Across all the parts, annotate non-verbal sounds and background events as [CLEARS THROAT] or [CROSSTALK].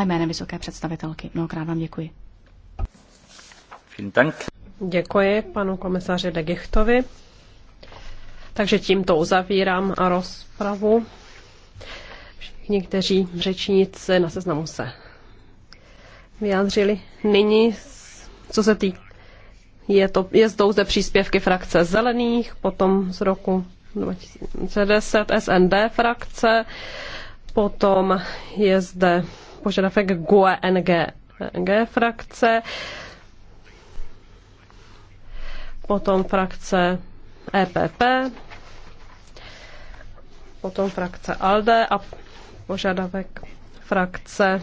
a jménem vysoké představitelky. Mnohokrát vám děkuji. Děkuji panu komisaři de Gichtovi. Takže tímto uzavírám a rozpravu. Všichni, kteří řečníci na seznamu se vyjádřili. Nyní, co se týká, je, to, je zde příspěvky frakce zelených, potom z roku 2010 SND frakce, potom je zde požadavek GUE NG frakce, potom frakce EPP, potom frakce ALDE a požadavek frakce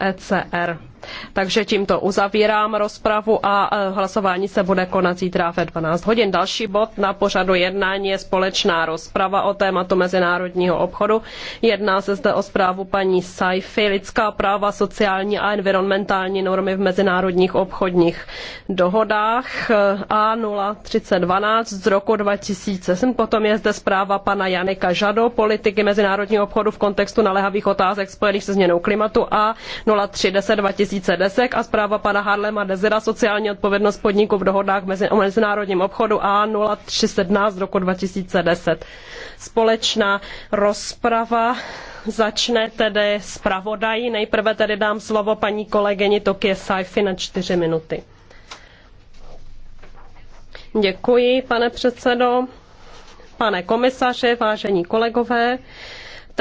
ECR. E takže tímto uzavírám rozpravu a e, hlasování se bude konat zítra ve 12 hodin. Další bod na pořadu jednání je společná rozprava o tématu mezinárodního obchodu. Jedná se zde o zprávu paní Saifi, lidská práva, sociální a environmentální normy v mezinárodních obchodních dohodách e, A03012 z roku 2000. potom je zde zpráva pana Janika Žado, politiky mezinárodního obchodu v kontextu naléhavých otázek spojených se změnou klimatu A0311020 2000 desek a zpráva pana Harlema Dezira sociální odpovědnost podniků v dohodách mezi, o mezinárodním obchodu A0317 z roku 2010. Společná rozprava začne tedy zpravodají. Nejprve tedy dám slovo paní kolegyni Tokie Saifi na čtyři minuty. Děkuji, pane předsedo, pane komisaři, vážení kolegové.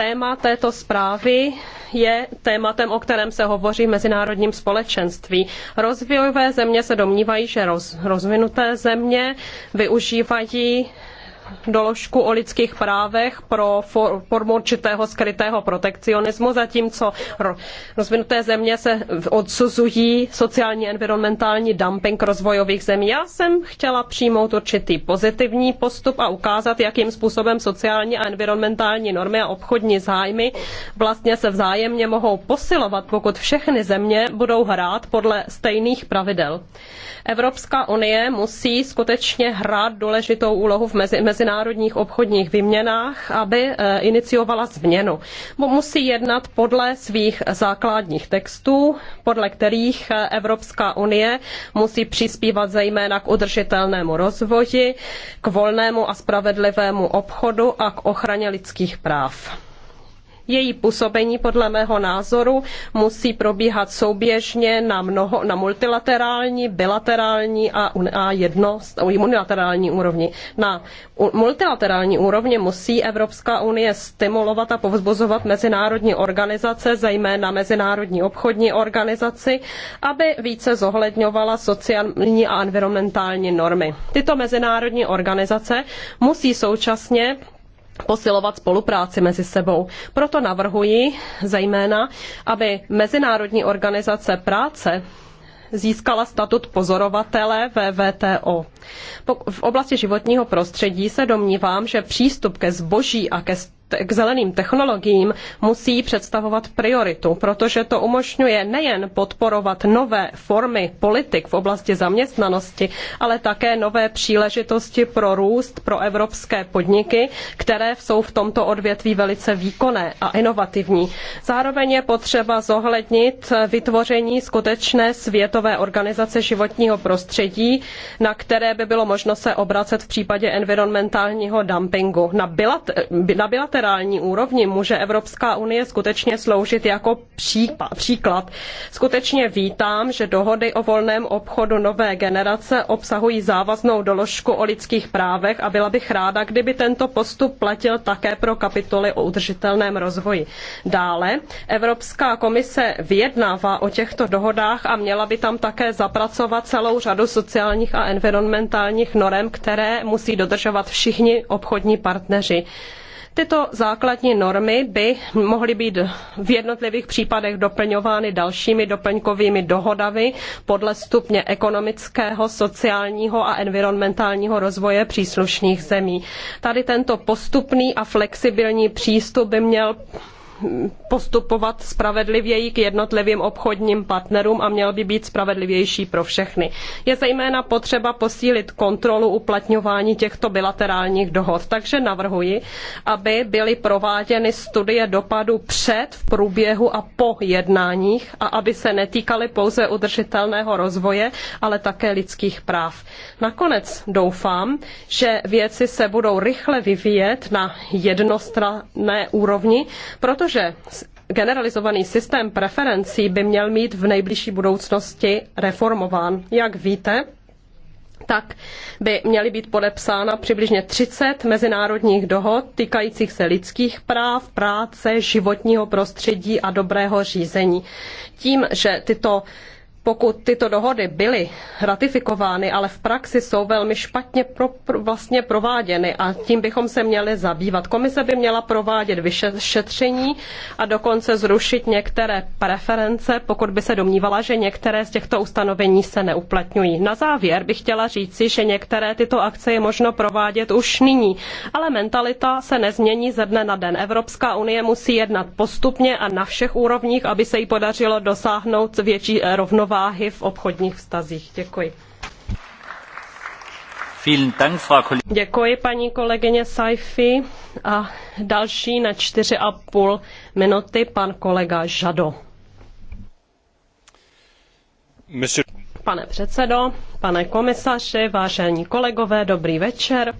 Téma této zprávy je tématem, o kterém se hovoří v mezinárodním společenství. Rozvojové země se domnívají, že roz, rozvinuté země využívají doložku o lidských právech pro formu určitého skrytého protekcionismu, zatímco rozvinuté země se odsuzují sociální environmentální dumping rozvojových zemí. Já jsem chtěla přijmout určitý pozitivní postup a ukázat, jakým způsobem sociální a environmentální normy a obchodní zájmy vlastně se vzájemně mohou posilovat, pokud všechny země budou hrát podle stejných pravidel. Evropská unie musí skutečně hrát důležitou úlohu v mezi, mezi mezinárodních obchodních vyměnách, aby eh, iniciovala změnu. Musí jednat podle svých základních textů, podle kterých eh, Evropská unie musí přispívat zejména k udržitelnému rozvoji, k volnému a spravedlivému obchodu a k ochraně lidských práv. Její působení podle mého názoru musí probíhat souběžně na, mnoho, na multilaterální, bilaterální a, a jedno, unilaterální úrovni. Na multilaterální úrovni musí Evropská unie stimulovat a povzbuzovat mezinárodní organizace, zejména Mezinárodní obchodní organizaci, aby více zohledňovala sociální a environmentální normy. Tyto mezinárodní organizace musí současně posilovat spolupráci mezi sebou. Proto navrhuji zejména, aby Mezinárodní organizace práce získala statut pozorovatele ve WTO. V oblasti životního prostředí se domnívám, že přístup ke zboží a ke k zeleným technologiím musí představovat prioritu, protože to umožňuje nejen podporovat nové formy politik v oblasti zaměstnanosti, ale také nové příležitosti pro růst pro evropské podniky, které jsou v tomto odvětví velice výkonné a inovativní. Zároveň je potřeba zohlednit vytvoření skutečné světové organizace životního prostředí, na které by bylo možno se obracet v případě environmentálního dumpingu. Na, bilater- na bilater- bilaterální úrovni může Evropská unie skutečně sloužit jako příklad. Skutečně vítám, že dohody o volném obchodu nové generace obsahují závaznou doložku o lidských právech a byla bych ráda, kdyby tento postup platil také pro kapitoly o udržitelném rozvoji. Dále Evropská komise vyjednává o těchto dohodách a měla by tam také zapracovat celou řadu sociálních a environmentálních norem, které musí dodržovat všichni obchodní partneři. Tyto základní normy by mohly být v jednotlivých případech doplňovány dalšími doplňkovými dohodami podle stupně ekonomického, sociálního a environmentálního rozvoje příslušných zemí. Tady tento postupný a flexibilní přístup by měl postupovat spravedlivěji k jednotlivým obchodním partnerům a měl by být spravedlivější pro všechny. Je zejména potřeba posílit kontrolu uplatňování těchto bilaterálních dohod, takže navrhuji, aby byly prováděny studie dopadu před, v průběhu a po jednáních a aby se netýkaly pouze udržitelného rozvoje, ale také lidských práv. Nakonec doufám, že věci se budou rychle vyvíjet na jednostranné úrovni, protože Protože generalizovaný systém preferencí by měl mít v nejbližší budoucnosti reformován. Jak víte, tak by měly být podepsána přibližně 30 mezinárodních dohod týkajících se lidských práv, práce, životního prostředí a dobrého řízení. Tím, že tyto pokud tyto dohody byly ratifikovány, ale v praxi jsou velmi špatně pro, pro, vlastně prováděny a tím bychom se měli zabývat. Komise by měla provádět vyšetření a dokonce zrušit některé preference, pokud by se domnívala, že některé z těchto ustanovení se neuplatňují. Na závěr bych chtěla říci, že některé tyto akce je možno provádět už nyní, ale mentalita se nezmění ze dne na den. Evropská unie musí jednat postupně a na všech úrovních, aby se jí podařilo dosáhnout větší rovnováhy rovnováhy v obchodních vztazích. Děkuji. Děkuji paní kolegyně Saifi a další na čtyři a půl minuty pan kolega Žado. Pane předsedo, pane komisaři, vážení kolegové, dobrý večer.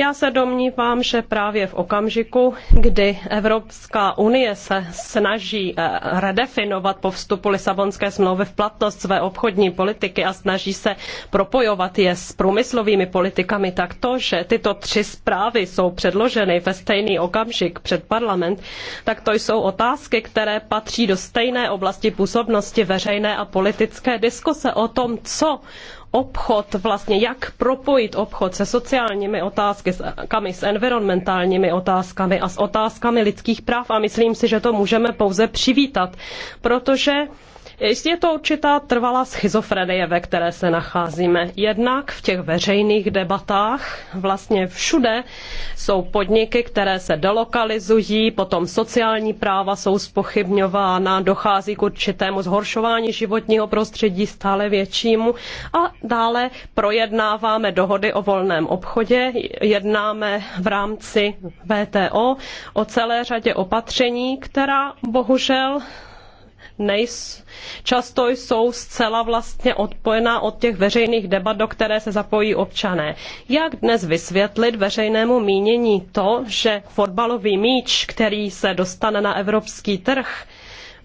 Já se domnívám, že právě v okamžiku, kdy Evropská unie se snaží eh, redefinovat po vstupu Lisabonské smlouvy v platnost své obchodní politiky a snaží se propojovat je s průmyslovými politikami, tak to, že tyto tři zprávy jsou předloženy ve stejný okamžik před parlament, tak to jsou otázky, které patří do stejné oblasti působnosti veřejné a politické diskuse o tom, co obchod, vlastně jak propojit obchod se sociálními otázkami, s environmentálními otázkami a s otázkami lidských práv a myslím si, že to můžeme pouze přivítat, protože je to určitá trvalá schizofrenie, ve které se nacházíme. Jednak v těch veřejných debatách vlastně všude jsou podniky, které se delokalizují, potom sociální práva jsou spochybňována, dochází k určitému zhoršování životního prostředí stále většímu a dále projednáváme dohody o volném obchodě, jednáme v rámci VTO o celé řadě opatření, která bohužel nejs, často jsou zcela vlastně odpojená od těch veřejných debat, do které se zapojí občané. Jak dnes vysvětlit veřejnému mínění to, že fotbalový míč, který se dostane na evropský trh,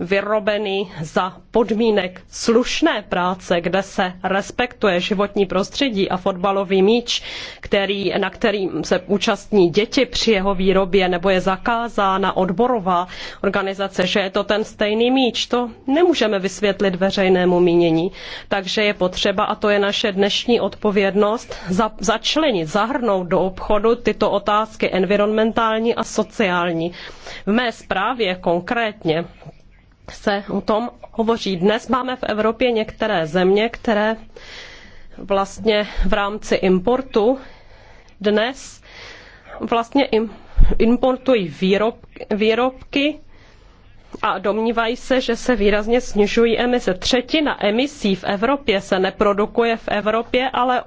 vyrobený za podmínek slušné práce, kde se respektuje životní prostředí a fotbalový míč, který, na kterým se účastní děti při jeho výrobě nebo je zakázána odborová organizace, že je to ten stejný míč, to nemůžeme vysvětlit veřejnému mínění. Takže je potřeba, a to je naše dnešní odpovědnost, za, začlenit, zahrnout do obchodu tyto otázky environmentální a sociální. V mé zprávě konkrétně se o tom hovoří. Dnes máme v Evropě některé země, které vlastně v rámci importu dnes vlastně importují výrobky, výrobky a domnívají se, že se výrazně snižují emise. Třetina emisí v Evropě se neprodukuje v Evropě, ale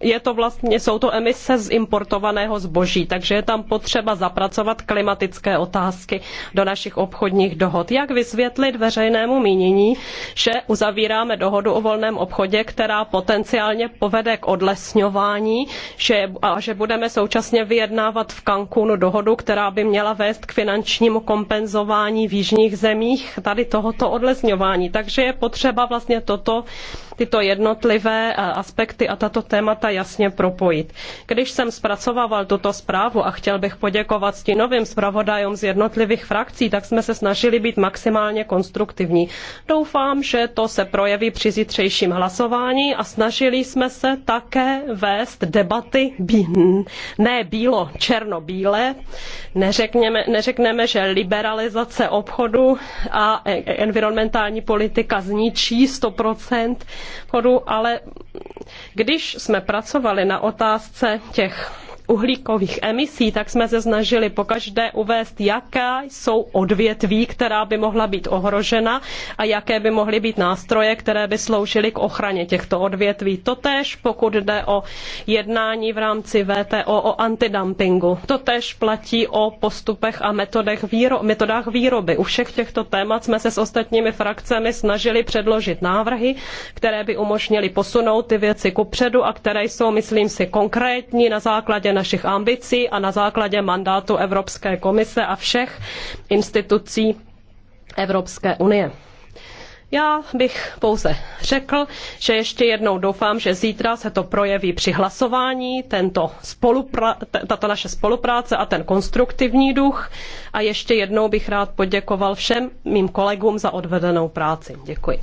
je to vlastně, jsou to emise z importovaného zboží, takže je tam potřeba zapracovat klimatické otázky do našich obchodních dohod. Jak vysvětlit veřejnému mínění, že uzavíráme dohodu o volném obchodě, která potenciálně povede k odlesňování že, a že budeme současně vyjednávat v Cancúnu dohodu, která by měla vést k finančnímu kompenzování výživy jižních zemích tady tohoto odlesňování. Takže je potřeba vlastně toto tyto jednotlivé eh, aspekty a tato témata jasně propojit. Když jsem zpracovával tuto zprávu a chtěl bych poděkovat stínovým zpravodajům z jednotlivých frakcí, tak jsme se snažili být maximálně konstruktivní. Doufám, že to se projeví při zítřejším hlasování a snažili jsme se také vést debaty bí, ne bílo, černobíle. Neřekněme, neřekneme, že liberalizace obchodu a e-, environmentální politika zničí 100% chodu, ale když jsme pracovali na otázce těch uhlíkových emisí, tak jsme se snažili pokaždé uvést, jaká jsou odvětví, která by mohla být ohrožena a jaké by mohly být nástroje, které by sloužily k ochraně těchto odvětví. Totež pokud jde o jednání v rámci VTO o antidumpingu. Totež platí o postupech a metodech výro- metodách výroby. U všech těchto témat jsme se s ostatními frakcemi snažili předložit návrhy, které by umožnily posunout ty věci kupředu a které jsou, myslím si, konkrétní na základě našich ambicí a na základě mandátu Evropské komise a všech institucí Evropské unie. Já bych pouze řekl, že ještě jednou doufám, že zítra se to projeví při hlasování, tento spolupra- tato naše spolupráce a ten konstruktivní duch. A ještě jednou bych rád poděkoval všem mým kolegům za odvedenou práci. Děkuji.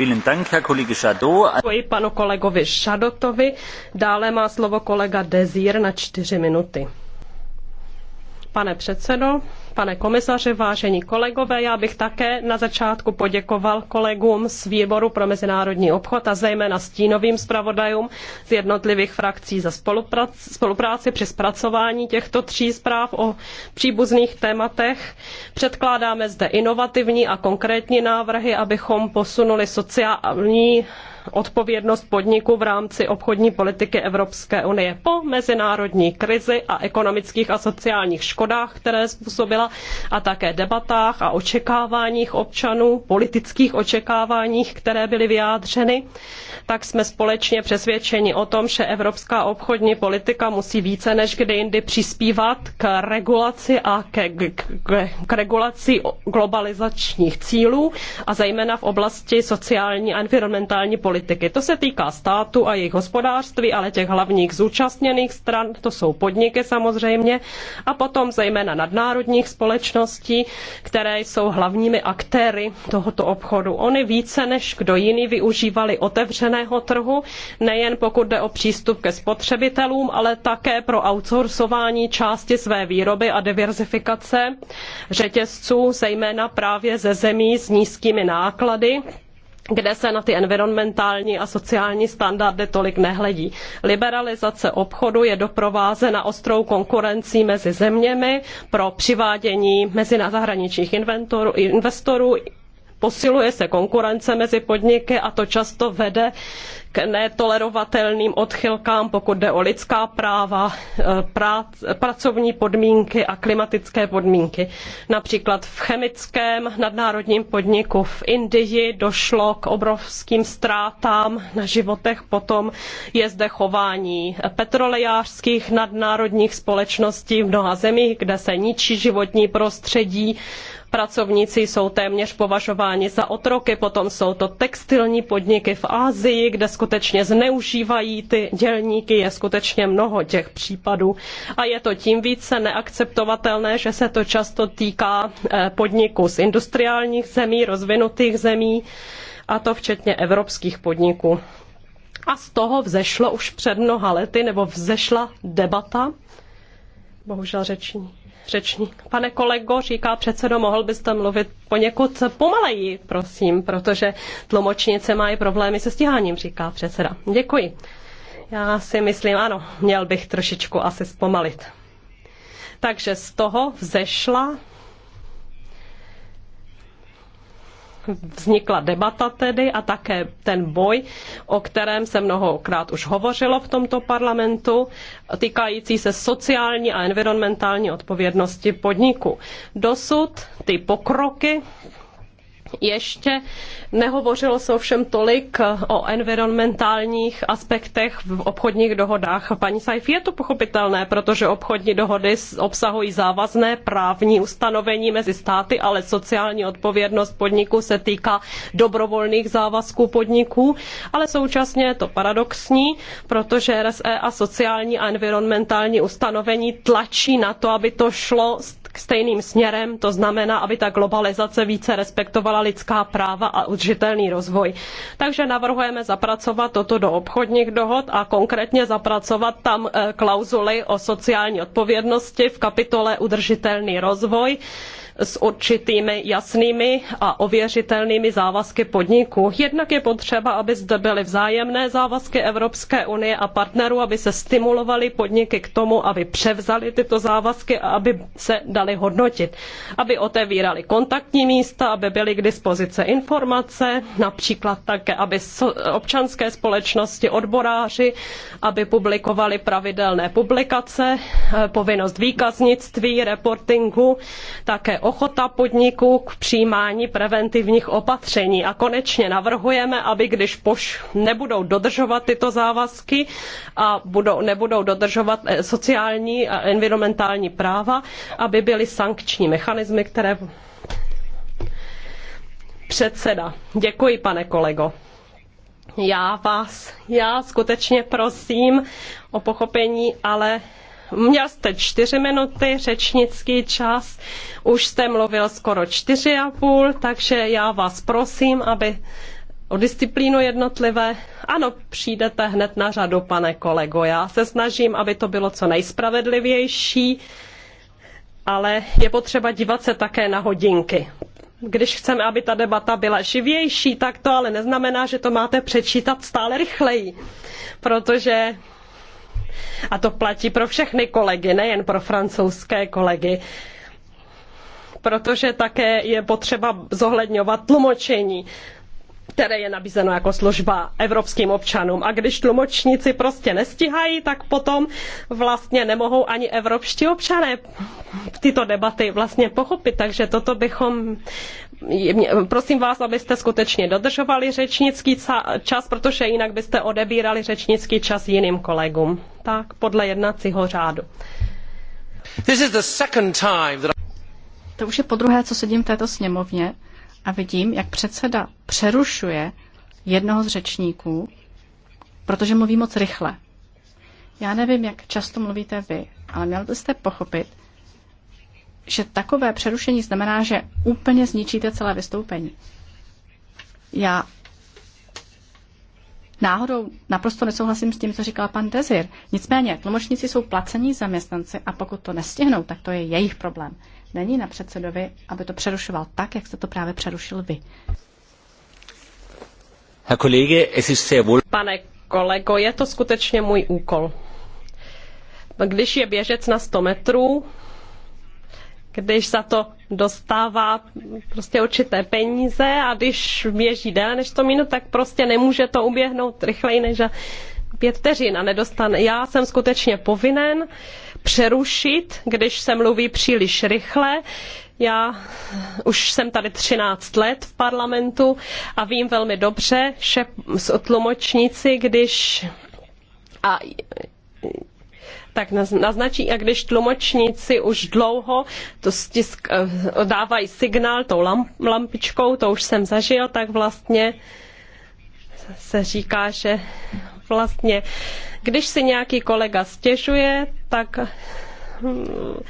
Děkuji panu kolegovi Šadotovi. Dále má slovo kolega Dezír na čtyři minuty. Pane předsedo, pane komisaři, vážení kolegové, já bych také na začátku poděkoval kolegům z výboru pro mezinárodní obchod a zejména stínovým zpravodajům z jednotlivých frakcí za spolupráci při zpracování těchto tří zpráv o příbuzných tématech. Předkládáme zde inovativní a konkrétní návrhy, abychom posunuli sociální odpovědnost podniku v rámci obchodní politiky Evropské unie po mezinárodní krizi a ekonomických a sociálních škodách, které způsobila, a také debatách a očekáváních občanů, politických očekáváních, které byly vyjádřeny, tak jsme společně přesvědčeni o tom, že evropská obchodní politika musí více než kdy jindy přispívat k regulaci a ke, k, k, k regulaci globalizačních cílů a zejména v oblasti sociální a environmentální politiky politiky. To se týká státu a jejich hospodářství, ale těch hlavních zúčastněných stran, to jsou podniky samozřejmě, a potom zejména nadnárodních společností, které jsou hlavními aktéry tohoto obchodu. Oni více než kdo jiný využívali otevřeného trhu, nejen pokud jde o přístup ke spotřebitelům, ale také pro outsourcování části své výroby a diverzifikace řetězců, zejména právě ze zemí s nízkými náklady, kde se na ty environmentální a sociální standardy tolik nehledí. Liberalizace obchodu je doprovázena ostrou konkurencí mezi zeměmi pro přivádění mezi zahraničních investorů, posiluje se konkurence mezi podniky a to často vede k netolerovatelným odchylkám, pokud jde o lidská práva, eh, prác, pracovní podmínky a klimatické podmínky. Například v chemickém nadnárodním podniku v Indii došlo k obrovským ztrátám na životech, potom je zde chování petrolejářských nadnárodních společností v mnoha zemích, kde se ničí životní prostředí, pracovníci jsou téměř považováni za otroky, potom jsou to textilní podniky v Asii, kde skutečně zneužívají ty dělníky, je skutečně mnoho těch případů a je to tím více neakceptovatelné, že se to často týká eh, podniků z industriálních zemí, rozvinutých zemí a to včetně evropských podniků. A z toho vzešlo už před mnoha lety, nebo vzešla debata, bohužel řečník řečník. Pane kolego, říká předsedo, mohl byste mluvit poněkud pomaleji, prosím, protože tlumočnice mají problémy se stíháním, říká předseda. Děkuji. Já si myslím, ano, měl bych trošičku asi zpomalit. Takže z toho vzešla vznikla debata tedy a také ten boj, o kterém se mnohokrát už hovořilo v tomto parlamentu, týkající se sociální a environmentální odpovědnosti podniku. Dosud ty pokroky ještě nehovořilo se ovšem tolik eh, o environmentálních aspektech v obchodních dohodách. Paní Saif, je to pochopitelné, protože obchodní dohody obsahují závazné právní ustanovení mezi státy, ale sociální odpovědnost podniků se týká dobrovolných závazků podniků, ale současně je to paradoxní, protože RSE a sociální a environmentální ustanovení tlačí na to, aby to šlo k stejným směrem, to znamená, aby ta globalizace více respektovala lidská práva a udržitelný rozvoj. Takže navrhujeme zapracovat toto do obchodních dohod a konkrétně zapracovat tam eh, klauzuly o sociální odpovědnosti v kapitole udržitelný rozvoj s určitými jasnými a ověřitelnými závazky podniků. Jednak je potřeba, aby zde byly vzájemné závazky Evropské unie a partnerů, aby se stimulovaly podniky k tomu, aby převzali tyto závazky a aby se dali hodnotit. Aby otevírali kontaktní místa, aby byly k dispozici informace, například také, aby občanské společnosti, odboráři, aby publikovali pravidelné publikace, eh, povinnost výkaznictví, reportingu, také ochota podniků k přijímání preventivních opatření. A konečně navrhujeme, aby když poš nebudou dodržovat tyto závazky a budou, nebudou dodržovat eh, sociální a environmentální práva, aby byly sankční mechanismy, které předseda. Děkuji, pane kolego. Já vás, já skutečně prosím o pochopení, ale Měl jste čtyři minuty řečnický čas, už jste mluvil skoro čtyři a půl, takže já vás prosím, aby o disciplínu jednotlivé. Ano, přijdete hned na řadu, pane kolego. Já se snažím, aby to bylo co nejspravedlivější, ale je potřeba dívat se také na hodinky. Když chceme, aby ta debata byla živější, tak to ale neznamená, že to máte přečítat stále rychleji, protože a to platí pro všechny kolegy, nejen pro francouzské kolegy protože také je potřeba zohledňovat tlumočení které je nabízeno jako služba evropským občanům. A když tlumočníci prostě nestihají, tak potom vlastně nemohou ani evropští občané tyto debaty vlastně pochopit. Takže toto bychom prosím vás, abyste skutečně dodržovali řečnický čas, protože jinak byste odebírali řečnický čas jiným kolegům. Tak, podle jednacího řádu. To už je po druhé, co sedím v této sněmovně a vidím, jak předseda přerušuje jednoho z řečníků, protože mluví moc rychle. Já nevím, jak často mluvíte vy, ale měl byste pochopit, že takové přerušení znamená, že úplně zničíte celé vystoupení. Já náhodou naprosto nesouhlasím s tím, co říkal pan Dezir. Nicméně, tlumočníci jsou placení zaměstnanci a pokud to nestihnou, tak to je jejich problém. Není na předsedovi, aby to přerušoval tak, jak jste to právě přerušil vy. Pane kolego, je to skutečně můj úkol. Když je běžec na 100 metrů, když za to dostává prostě určité peníze a když běží déle než to minut, tak prostě nemůže to uběhnout rychleji než pět vteřin a nedostane. Já jsem skutečně povinen přerušit, když se mluví příliš rychle. Já už jsem tady 13 let v parlamentu a vím velmi dobře, že s otlumočníci, když a tak naznačí, a když tlumočníci už dlouho to stisk, eh, dávají signál tou lampičkou, to už jsem zažil, tak vlastně se říká, že vlastně, když si nějaký kolega stěžuje, tak hm,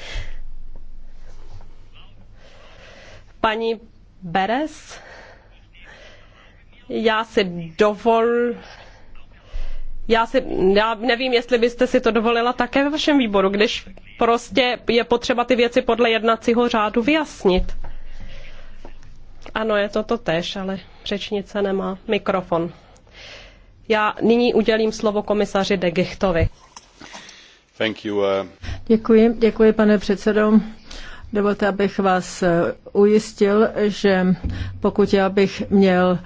paní Beres, já si dovol, já, si, já nevím, jestli byste si to dovolila také ve vašem výboru, když prostě je potřeba ty věci podle jednacího řádu vyjasnit. Ano, je to to tež, ale řečnice nemá mikrofon. Já nyní udělím slovo komisaři De Gichtovi. Thank you, uh... Děkuji, děkuji pane předsedo. Dovolte, abych vás uh, ujistil, že pokud já bych měl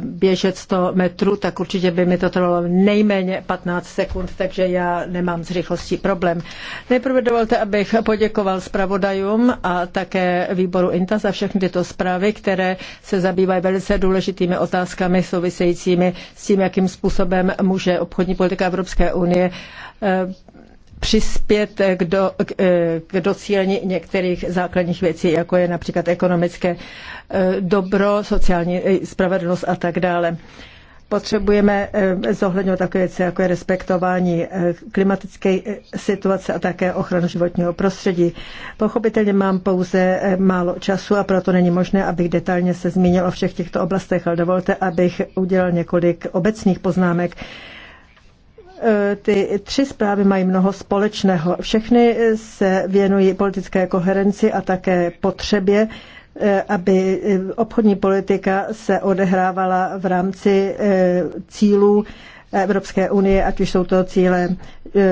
běžet 100 metrů, tak určitě by mi to trvalo nejméně 15 sekund, takže já nemám s rychlostí problém. Nejprve dovolte, abych poděkoval zpravodajům a také výboru INTA za všechny tyto zprávy, které se zabývají velice důležitými otázkami souvisejícími s tím, jakým způsobem může obchodní politika Evropské unie eh, přispět k, do, e, k, k docílení některých základních věcí, jako je například ekonomické e, dobro, sociální e, spravedlnost a tak dále. Potřebujeme zohledňovat takové věci, jako je respektování klimatické situace a také ochranu životního prostředí. Pochopitelně mám pouze málo času a proto není možné, abych detailně se zmínil o všech těchto oblastech, ale dovolte, abych udělal několik obecných poznámek. Eh, ty tři zprávy mají mnoho společného. Všechny se věnují politické koherenci a také potřebě eh, aby eh, obchodní politika se odehrávala v rámci cílů Evropské unie, ať už jsou to cíle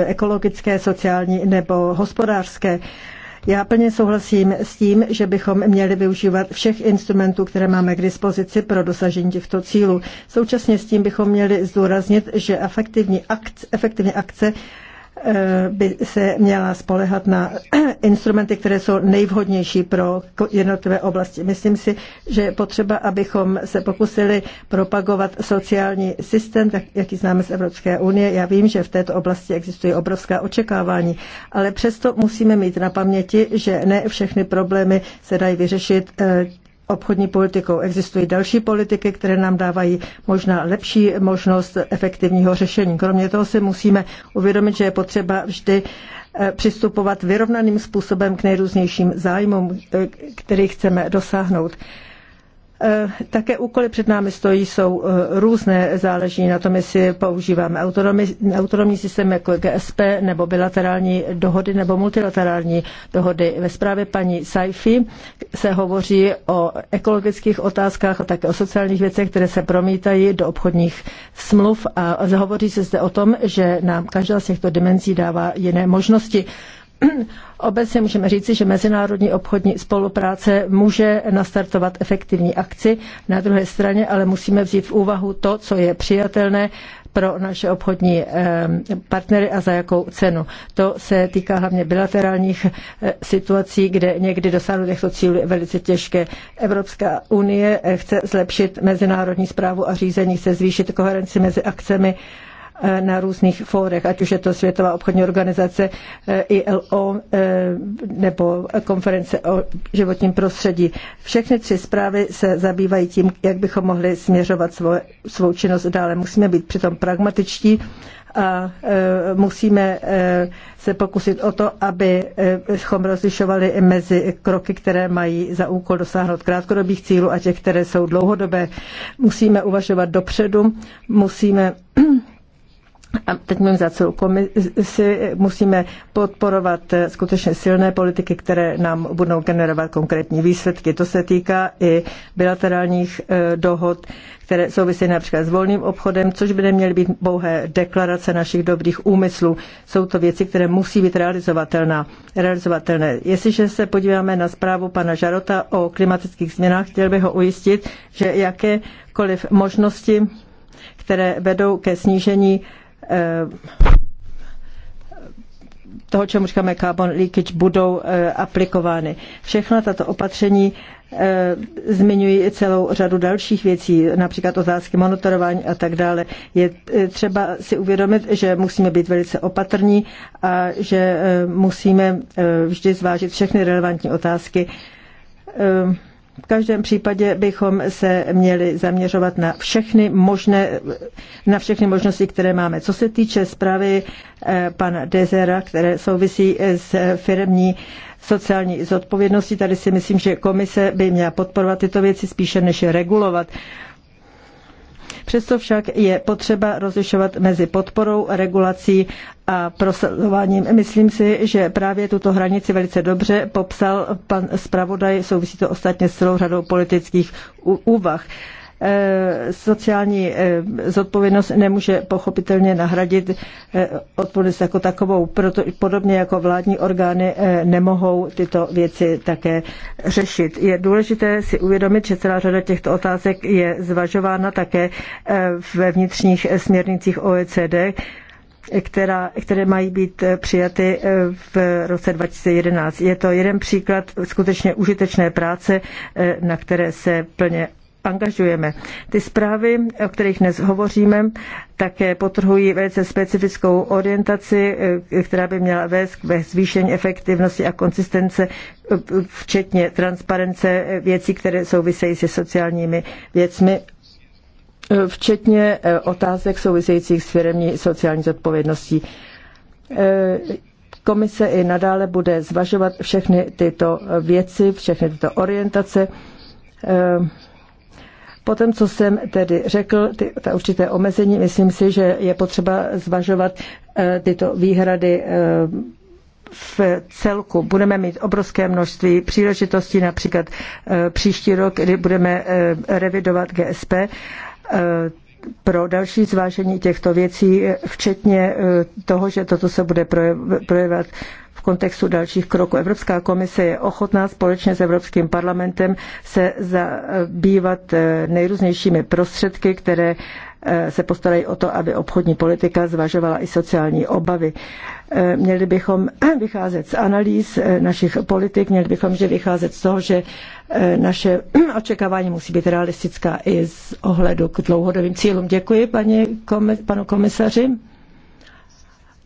ekologické, sociální nebo hospodářské. Já plně souhlasím s tím, že bychom měli využívat všech instrumentů, které máme k dispozici pro dosažení těchto cílů. Současně s tím bychom měli zdůraznit, že efektivní akce, efektivní akce Eh, by se měla spolehat na [CLEARS THROAT] instrumenty, které jsou nejvhodnější pro jednotlivé oblasti. Myslím si, že je potřeba, abychom se pokusili propagovat sociální systém, tak, jaký známe z Evropské unie. Já vím, že v této oblasti existují obrovská očekávání, ale přesto musíme mít na paměti, že ne všechny problémy se dají vyřešit eh, obchodní politikou. Existují další politiky, které nám dávají možná lepší možnost efektivního řešení. Kromě toho si musíme uvědomit, že je potřeba vždy eh, přistupovat vyrovnaným způsobem k nejrůznějším zájmům, eh, který chceme dosáhnout. Eh, také úkoly před námi stojí, jsou eh, různé, záleží na tom, jestli používáme autonomní, autonomní systém jako GSP nebo bilaterální dohody nebo multilaterální dohody. Ve zprávě paní Saifi se hovoří o ekologických otázkách a také o sociálních věcech, které se promítají do obchodních smluv a hovoří se zde o tom, že nám každá z těchto dimenzí dává jiné možnosti. [CLEARS THROAT] Obecně můžeme říci, že mezinárodní obchodní spolupráce může nastartovat efektivní akci. Na druhé straně ale musíme vzít v úvahu to, co je přijatelné pro naše obchodní eh, partnery a za jakou cenu. To se týká hlavně bilaterálních eh, situací, kde někdy dosáhnout těchto cílů je velice těžké. Evropská unie eh, chce zlepšit mezinárodní zprávu a řízení, chce zvýšit koherenci mezi akcemi Eh, na různých fórech, ať už je to Světová obchodní organizace, eh, ILO eh, nebo konference o životním prostředí. Všechny tři zprávy se zabývají tím, jak bychom mohli směřovat svou, svou činnost dále. Musíme být přitom pragmatičtí a musíme se pokusit o to, abychom rozlišovali mezi kroky, které mají za úkol dosáhnout krátkodobých cílů a těch, které jsou dlouhodobé. Musíme uvažovat dopředu, musíme a teď mluvím za celou komisi, musíme podporovat eh, skutečně silné politiky, které nám budou generovat konkrétní výsledky. To se týká i bilaterálních eh, dohod, které souvisí například s volným obchodem, což by neměly být pouhé deklarace našich dobrých úmyslů. Jsou to věci, které musí být realizovatelná, realizovatelné. Jestliže se podíváme na zprávu pana Žarota o klimatických změnách, chtěl bych ho ujistit, že jakékoliv možnosti které vedou ke snížení Eh, toho, čemu říkáme carbon leakage, budou eh, aplikovány. Všechna tato opatření eh, zmiňují celou řadu dalších věcí, například otázky monitorování a tak dále. Je třeba si uvědomit, že musíme být velice opatrní a že musíme vždy zvážit všechny relevantní otázky. V každém případě bychom se měli zaměřovat na všechny, možné, na všechny možnosti, které máme. Co se týče zprávy eh, pana Dezera, které souvisí s firmní sociální zodpovědností, tady si myslím, že komise by měla podporovat tyto věci spíše než regulovat. Přesto však je potřeba rozlišovat mezi podporou, regulací a prosazováním. Myslím si, že právě tuto hranici velice dobře popsal pan zpravodaj, souvisí to ostatně s celou řadou politických úvah. Eh, sociální eh, zodpovědnost nemůže pochopitelně nahradit eh, odpovědnost jako takovou, proto, podobně jako vládní orgány nemohou tyto věci také řešit. Je důležité si uvědomit, že celá řada těchto otázek je zvažována také ve vnitřních směrnicích OECD, která, které mají být přijaty v roce 2011. Je to jeden příklad skutečně užitečné práce, na které se plně angažujeme. Ty zprávy, o kterých dnes hovoříme, také potrhují velice specifickou orientaci, eh, která by měla vést k zvýšení efektivnosti a konsistence, eh, včetně transparence eh, věcí, které souvisejí se sociálními věcmi včetně otázek souvisejících s firmní sociální zodpovědností. Komise i nadále bude zvažovat všechny tyto věci, všechny tyto orientace. Potom co jsem tedy řekl, ty, ta určité omezení, myslím si, že je potřeba zvažovat e, tyto výhrady e, v celku. Budeme mít obrovské množství příležitostí, například e, příští rok, kdy budeme e, revidovat GSP. E, pro další zvážení těchto věcí, včetně toho, že toto se bude projevat v kontextu dalších kroků. Evropská komise je ochotná společně s Evropským parlamentem se zabývat eh, nejrůznějšími prostředky, které eh, se postarají o to, aby obchodní politika zvažovala i sociální obavy. Eh, měli bychom [CLEARS THROAT] vycházet z analýz našich politik, měli bychom že vycházet z toho, že naše [CLEARS THROAT] očekávání musí být realistická i z ohledu k dlouhodobým cílům. Děkuji paní, panu komisaři.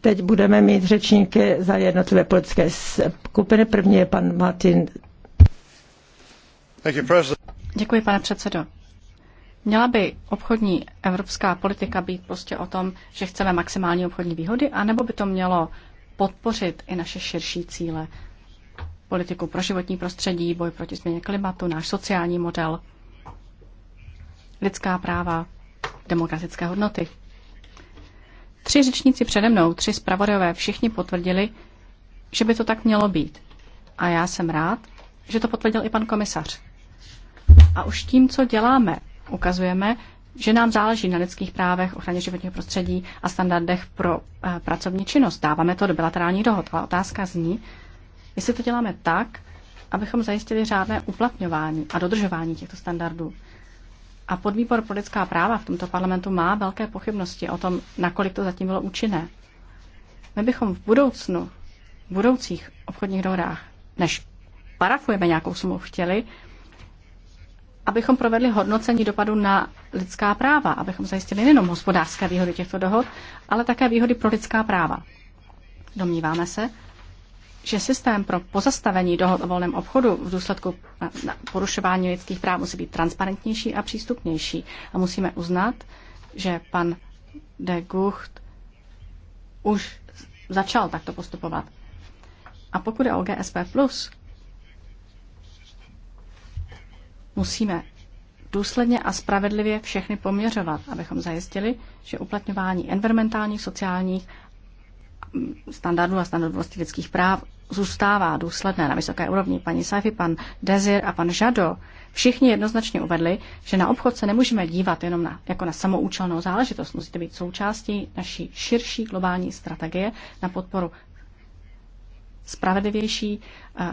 Teď budeme mít řečníky za jednotlivé politické skupiny. První je pan Martin. Děkuji, pane předsedo. Měla by obchodní evropská politika být prostě o tom, že chceme maximální obchodní výhody, anebo by to mělo podpořit i naše širší cíle? Politiku pro životní prostředí, boj proti změně klimatu, náš sociální model, lidská práva, demokratické hodnoty. Tři řečníci přede mnou, tři zpravodajové, všichni potvrdili, že by to tak mělo být. A já jsem rád, že to potvrdil i pan komisař. A už tím, co děláme, ukazujeme, že nám záleží na lidských právech, ochraně životního prostředí a standardech pro e, pracovní činnost. Dáváme to do bilaterálních dohod, ale otázka zní, jestli to děláme tak, abychom zajistili řádné uplatňování a dodržování těchto standardů. A podvýbor pro lidská práva v tomto parlamentu má velké pochybnosti o tom, nakolik to zatím bylo účinné. My bychom v budoucnu, v budoucích obchodních dohodách, než parafujeme nějakou sumu, chtěli, abychom provedli hodnocení dopadu na lidská práva, abychom zajistili nejenom hospodářské výhody těchto dohod, ale také výhody pro lidská práva. Domníváme se, že systém pro pozastavení dohod o volném obchodu v důsledku porušování lidských práv musí být transparentnější a přístupnější. A musíme uznat, že pan de Gucht už začal takto postupovat. A pokud je o GSP+, musíme důsledně a spravedlivě všechny poměřovat, abychom zajistili, že uplatňování environmentálních, sociálních standardů a standardů lidských práv zůstává důsledné na vysoké úrovni. Paní Saifi, pan Dezir a pan Žado všichni jednoznačně uvedli, že na obchod se nemůžeme dívat jenom na, jako na samoučelnou záležitost. Musí to být součástí naší širší globální strategie na podporu spravedlivější,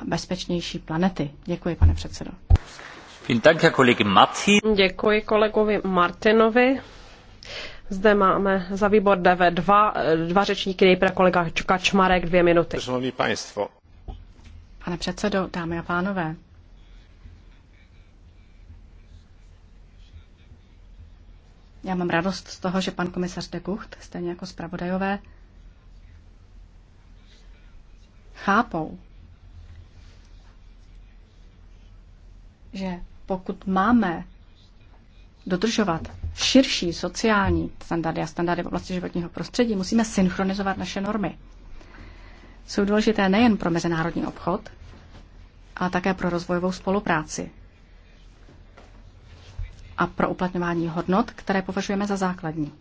bezpečnější planety. Děkuji, pane předsedo. Děkuji kolegovi Martinovi. Zde máme za výbor DV dva, dva řečníky, nejprve kolega Kačmarek, dvě minuty. Pane předsedo, dámy a pánové, Já mám radost z toho, že pan komisař de Gucht, stejně jako zpravodajové, chápou, že pokud máme dodržovat širší sociální standardy a standardy v oblasti životního prostředí, musíme synchronizovat naše normy. Jsou důležité nejen pro mezinárodní obchod, ale také pro rozvojovou spolupráci a pro uplatňování hodnot, které považujeme za základní.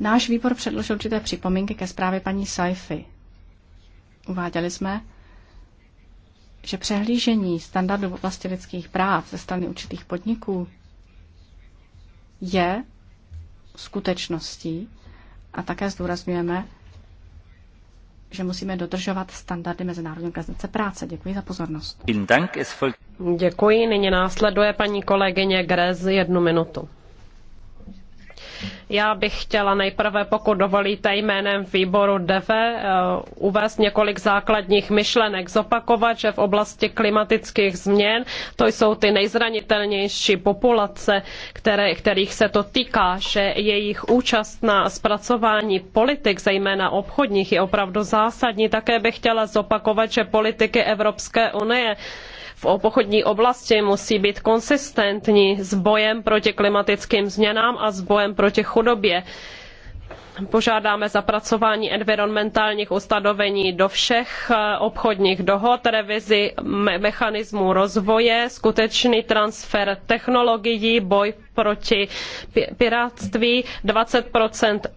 Náš výbor předložil určité připomínky ke zprávě paní Saifi Uváděli jsme, že přehlížení standardů v oblasti lidských práv ze strany určitých podniků je skutečností a také zdůrazňujeme, že musíme dodržovat standardy Mezinárodní organizace práce. Děkuji za pozornost. Děkuji. Nyní následuje paní kolegyně Grez jednu minutu. Já bych chtěla nejprve, pokud dovolíte, jménem výboru DEVE eh, uvést několik základních myšlenek. Zopakovat, že v oblasti klimatických změn to jsou ty nejzranitelnější populace, které, kterých se to týká, že jejich účast na zpracování politik, zejména obchodních, je opravdu zásadní. Také bych chtěla zopakovat, že politiky Evropské unie v obchodní oblasti musí být konsistentní s bojem proti klimatickým změnám a s bojem proti chudobě požádáme zapracování environmentálních ustanovení do všech eh, obchodních dohod, revizi mechanismu rozvoje, skutečný transfer technologií, boj proti pirátství. 20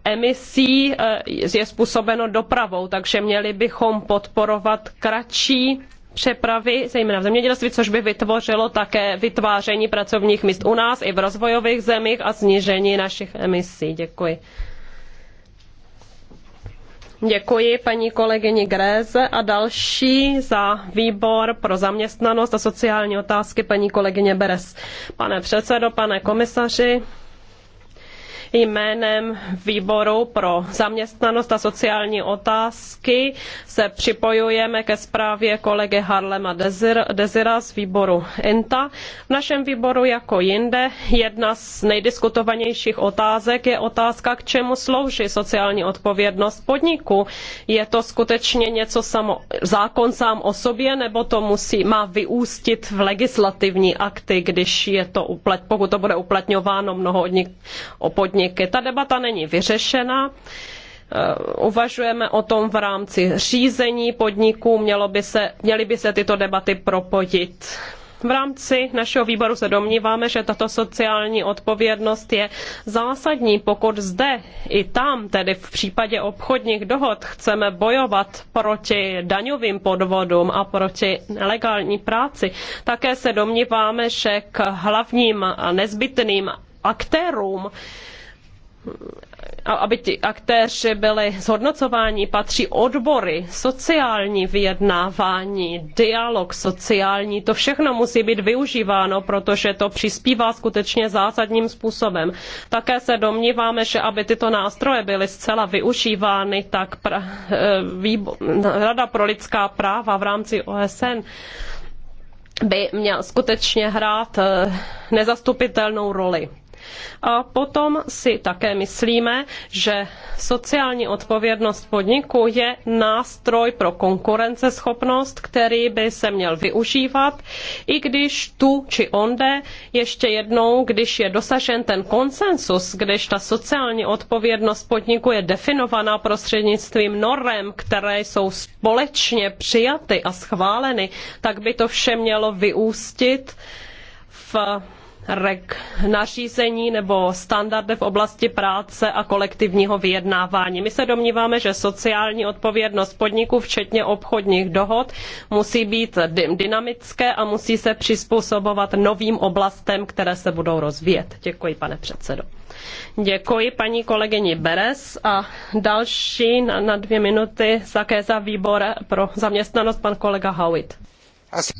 emisí eh, je způsobeno dopravou, takže měli bychom podporovat kratší přepravy, zejména v zemědělství, což by vytvořilo také vytváření pracovních míst u nás i v rozvojových zemích a snížení našich emisí. Děkuji. Děkuji paní kolegyni Gréze a další za výbor pro zaměstnanost a sociální otázky paní kolegyně Beres. Pane předsedo, pane komisaři, Jménem výboru pro zaměstnanost a sociální otázky se připojujeme ke zprávě kolegy Harlema Desira z výboru INTA. V našem výboru jako jinde jedna z nejdiskutovanějších otázek je otázka, k čemu slouží sociální odpovědnost podniku. Je to skutečně něco samo, zákon sám o sobě, nebo to musí, má vyústit v legislativní akty, když je to uplat, pokud to bude uplatňováno mnoho od nich, o podnik podniky. Ta debata není vyřešena eh, uvažujeme o tom v rámci řízení podniků, mělo by se, měly by se tyto debaty propojit. V rámci našeho výboru se domníváme, že tato sociální odpovědnost je zásadní, pokud zde i tam, tedy v případě obchodních dohod, chceme bojovat proti daňovým podvodům a proti nelegální práci. Také se domníváme, že k hlavním a nezbytným aktérům aby ti aktéři byli zhodnocováni, patří odbory, sociální vyjednávání, dialog sociální, to všechno musí být využíváno, protože to přispívá skutečně zásadním způsobem. Také se domníváme, že aby tyto nástroje byly zcela využívány, tak pra, eh, Rada pro lidská práva v rámci OSN by měla skutečně hrát eh, nezastupitelnou roli a potom si také myslíme, že sociální odpovědnost podniku je nástroj pro konkurenceschopnost, který by se měl využívat, i když tu či onde ještě jednou, když je dosažen ten konsensus, když ta sociální odpovědnost podniku je definovaná prostřednictvím norem, které jsou společně přijaty a schváleny, tak by to vše mělo vyústit v nařízení nebo standardy v oblasti práce a kolektivního vyjednávání. My se domníváme, že sociální odpovědnost podniků, včetně obchodních dohod, musí být dynamické a musí se přizpůsobovat novým oblastem, které se budou rozvíjet. Děkuji, pane předsedo. Děkuji paní kolegyni Beres a další na, na dvě minuty také za výbor pro zaměstnanost pan kolega Howitt. Asi.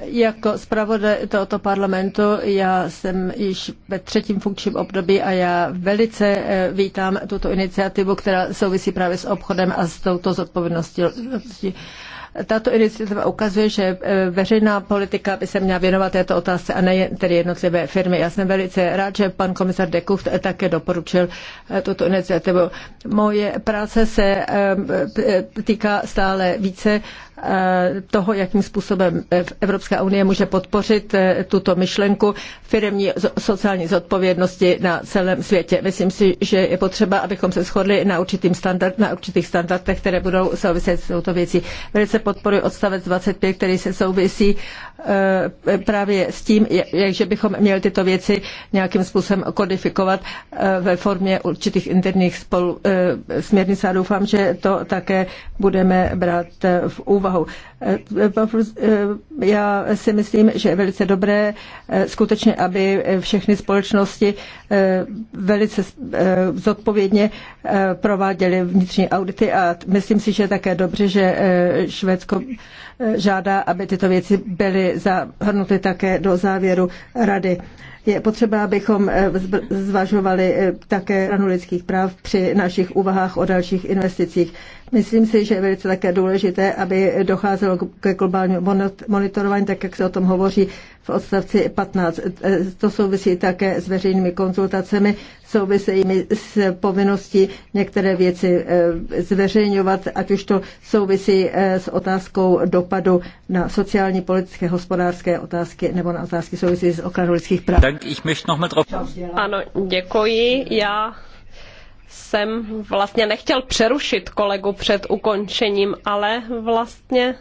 Jako zpravodaj tohoto parlamentu já jsem již ve třetím funkčním období a já velice eh, vítám tuto iniciativu, která souvisí právě s obchodem a s touto zodpovědností. Tato iniciativa ukazuje, že eh, veřejná politika by se měla věnovat této otázce a ne tedy jednotlivé firmy. Já jsem velice rád, že pan komisar Dekucht eh, také doporučil tuto iniciativu. Moje práce se týká stále více Eh, toho, jakým způsobem Evropská unie může podpořit eh, tuto myšlenku firmní sociální zodpovědnosti na celém světě. Myslím si, že je potřeba, abychom se shodli na, určitým standard, na určitých standardech, které budou souviset s touto věcí. Velice podporuji odstavec 25, který se souvisí Eh, právě s tím, že bychom měli tyto věci nějakým způsobem kodifikovat eh, ve formě určitých interních spolu, eh, směrnic a doufám, že to také budeme brát v úvahu. Já si myslím, že je velice dobré skutečně, aby všechny společnosti velice zodpovědně prováděly vnitřní audity a myslím si, že je také dobře, že Švédsko žádá, aby tyto věci byly zahrnuty také do závěru rady. Je potřeba, abychom eh, zvažovali eh, také ranu lidských práv při našich úvahách o dalších investicích. Myslím si, že je velice také důležité, aby docházelo ke globálnímu monitorování, tak jak se o tom hovoří v odstavci 15. To souvisí také s veřejnými konzultacemi, souvisejími s povinností některé věci eh, zveřejňovat, ať už to souvisí eh, s otázkou dopadu na sociální, politické, hospodářské otázky nebo na otázky souvisí s ochranou lidských práv. Ano, děkuji. Já jsem vlastně nechtěl přerušit kolegu před ukončením, ale vlastně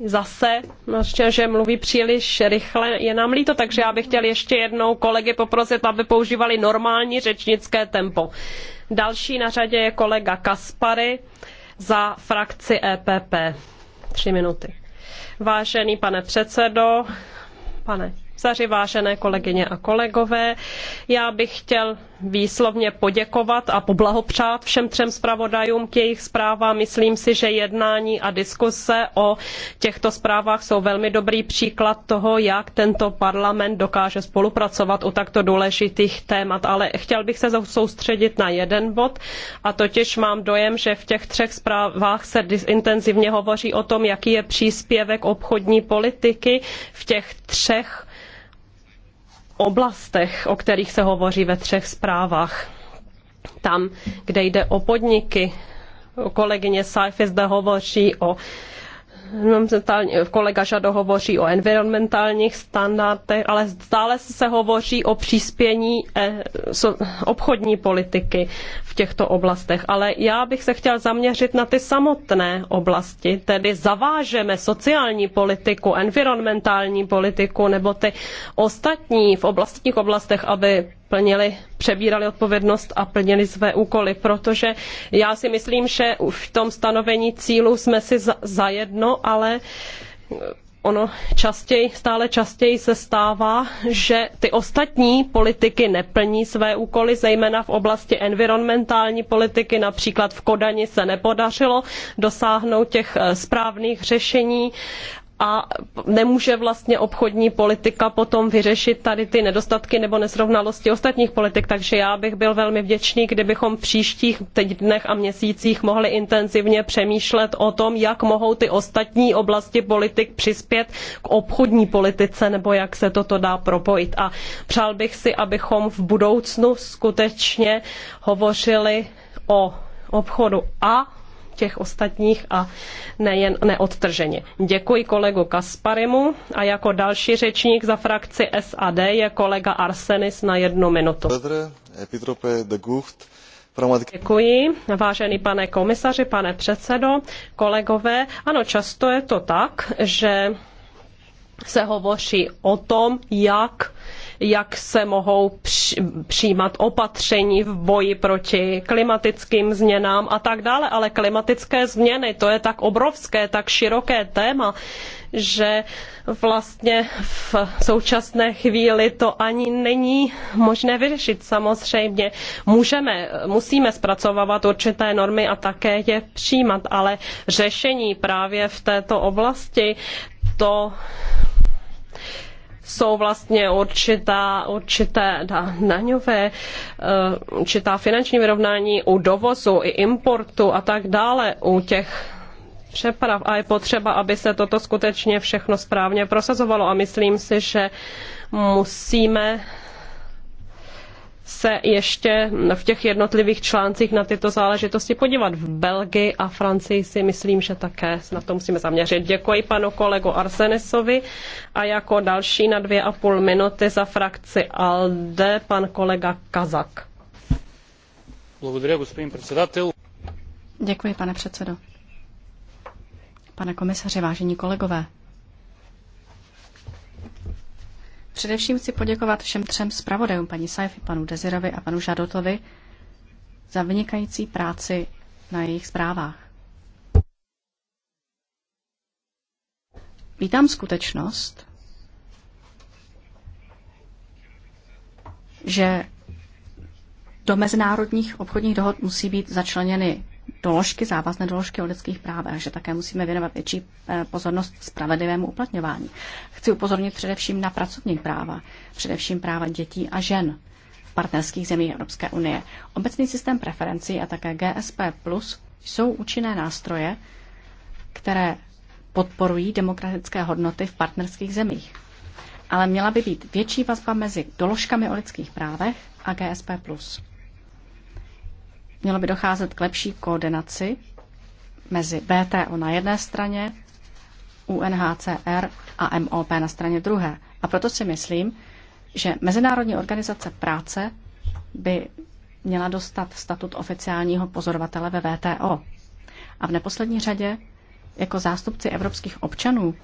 zase, vlastně, že mluví příliš rychle, je nám líto, takže já bych chtěl ještě jednou kolegy poprosit, aby používali normální řečnické tempo. Další na řadě je kolega Kaspary za frakci EPP. Tři minuty. Vážený pane předsedo, pane komisaři, vážené kolegyně a kolegové. Já bych chtěl výslovně poděkovat a poblahopřát všem třem zpravodajům k jejich zprávám. Myslím si, že jednání a diskuse o těchto zprávách jsou velmi dobrý příklad toho, jak tento parlament dokáže spolupracovat u takto důležitých témat. Ale chtěl bych se soustředit na jeden bod a totiž mám dojem, že v těch třech zprávách se intenzivně hovoří o tom, jaký je příspěvek obchodní politiky v těch třech oblastech, o kterých se hovoří ve třech zprávách. Tam, kde jde o podniky, kolegyně Saif zde hovoří o kolega Žado hovoří o environmentálních standardech, ale stále se hovoří o příspění eh, obchodní politiky v těchto oblastech. Ale já bych se chtěl zaměřit na ty samotné oblasti, tedy zavážeme sociální politiku, environmentální politiku nebo ty ostatní v oblastních oblastech, aby plnili, přebírali odpovědnost a plnili své úkoly, protože já si myslím, že v tom stanovení cílů jsme si zajedno, jedno, ale eh, ono častěji, stále častěji se stává, že ty ostatní politiky neplní své úkoly, zejména v oblasti environmentální politiky, například v Kodani se nepodařilo dosáhnout těch eh, správných řešení a nemůže vlastně obchodní politika potom vyřešit tady ty nedostatky nebo nesrovnalosti ostatních politik. Takže já bych byl velmi vděčný, kdybychom v příštích teď dnech a měsících mohli intenzivně přemýšlet o tom, jak mohou ty ostatní oblasti politik přispět k obchodní politice nebo jak se toto dá propojit. A přál bych si, abychom v budoucnu skutečně hovořili o obchodu a těch ostatních a nejen neodtrženě. Děkuji kolegu Kasparimu a jako další řečník za frakci SAD je kolega Arsenis na jednu minutu. Děkuji, vážený pane komisaři, pane předsedo, kolegové. Ano, často je to tak, že se hovoří o tom, jak jak se mohou přijímat opatření v boji proti klimatickým změnám a tak dále. Ale klimatické změny, to je tak obrovské, tak široké téma, že vlastně v současné chvíli to ani není možné vyřešit. Samozřejmě můžeme, musíme zpracovávat určité normy a také je přijímat, ale řešení právě v této oblasti to jsou vlastně určitá, určité daňové, eh, určitá finanční vyrovnání u dovozu i importu a tak dále u těch přeprav a je potřeba, aby se toto skutečně všechno správně prosazovalo a myslím si, že musíme se ještě v těch jednotlivých článcích na tyto záležitosti podívat. V Belgii a Francii si myslím, že také na to musíme zaměřit. Děkuji panu kolegu Arsenesovi a jako další na dvě a půl minuty za frakci ALDE pan kolega Kazak. Děkuji, pane předsedo. Pane komisaři, vážení kolegové, Především chci poděkovat všem třem zpravodajům, paní Saifi, panu Dezirovi a panu Žadotovi, za vynikající práci na jejich zprávách. Vítám skutečnost, že do mezinárodních obchodních dohod musí být začleněny doložky, závazné doložky o lidských právech, že také musíme věnovat větší eh, pozornost spravedlivému uplatňování. Chci upozornit především na pracovní práva, především práva dětí a žen v partnerských zemích Evropské unie. Obecný systém preferencí a také GSP Plus jsou účinné nástroje, které podporují demokratické hodnoty v partnerských zemích. Ale měla by být větší vazba mezi doložkami o lidských právech a GSP. Plus. Mělo by docházet k lepší koordinaci mezi BTO na jedné straně, UNHCR a MOP na straně druhé. A proto si myslím, že Mezinárodní organizace práce by měla dostat statut oficiálního pozorovatele ve VTO. A v neposlední řadě, jako zástupci evropských občanů,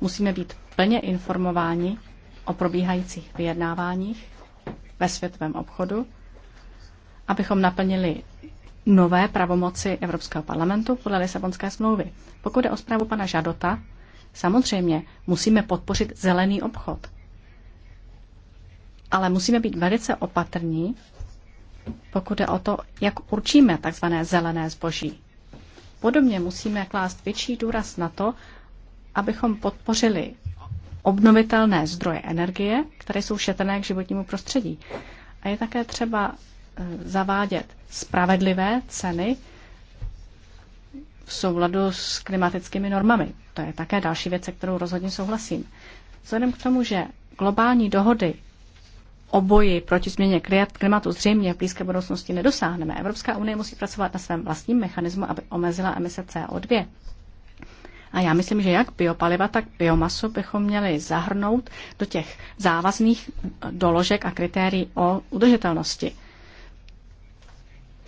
musíme být plně informováni o probíhajících vyjednáváních ve světovém obchodu abychom naplnili nové pravomoci Evropského parlamentu podle Lisabonské smlouvy. Pokud je o zprávu pana Žadota, samozřejmě musíme podpořit zelený obchod. Ale musíme být velice opatrní, pokud je o to, jak určíme tzv. zelené zboží. Podobně musíme klást větší důraz na to, abychom podpořili obnovitelné zdroje energie, které jsou šetrné k životnímu prostředí. A je také třeba Eh, zavádět spravedlivé ceny v souladu s klimatickými normami. To je také další věc, se kterou rozhodně souhlasím. Vzhledem k tomu, že globální dohody o boji proti změně klimatu zřejmě v blízké budoucnosti nedosáhneme, Evropská unie musí pracovat na svém vlastním mechanismu, aby omezila emise CO2. A já myslím, že jak biopaliva, tak biomasu bychom měli zahrnout do těch závazných doložek a kritérií o udržitelnosti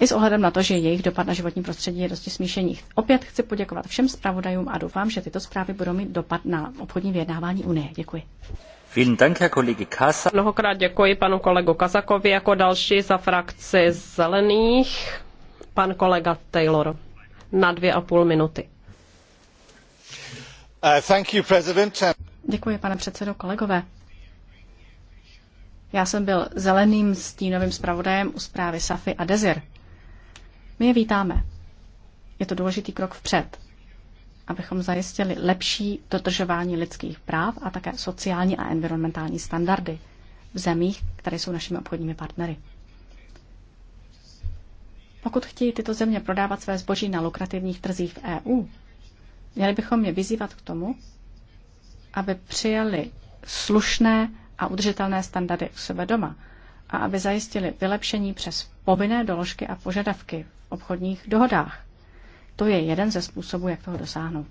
i s ohledem na to, že jejich dopad na životní prostředí je dosti smíšený. Opět chci poděkovat všem zpravodajům a doufám, že tyto zprávy budou mít dopad na obchodní vyjednávání Unie. Děkuji. Mnohokrát děkuji panu kolegu Kazakovi jako další za frakci zelených. Pan kolega Taylor na dvě a půl minuty. Uh, you, děkuji, pane předsedo, kolegové. Já jsem byl zeleným stínovým zpravodajem u zprávy Safi a Desir. My je vítáme. Je to důležitý krok vpřed, abychom zajistili lepší dodržování lidských práv a také sociální a environmentální standardy v zemích, které jsou našimi obchodními partnery. Pokud chtějí tyto země prodávat své zboží na lukrativních trzích v EU, měli bychom je vyzývat k tomu, aby přijali slušné a udržitelné standardy u sebe doma a aby zajistili vylepšení přes povinné doložky a požadavky v obchodních dohodách. To je jeden ze způsobů, jak toho dosáhnout.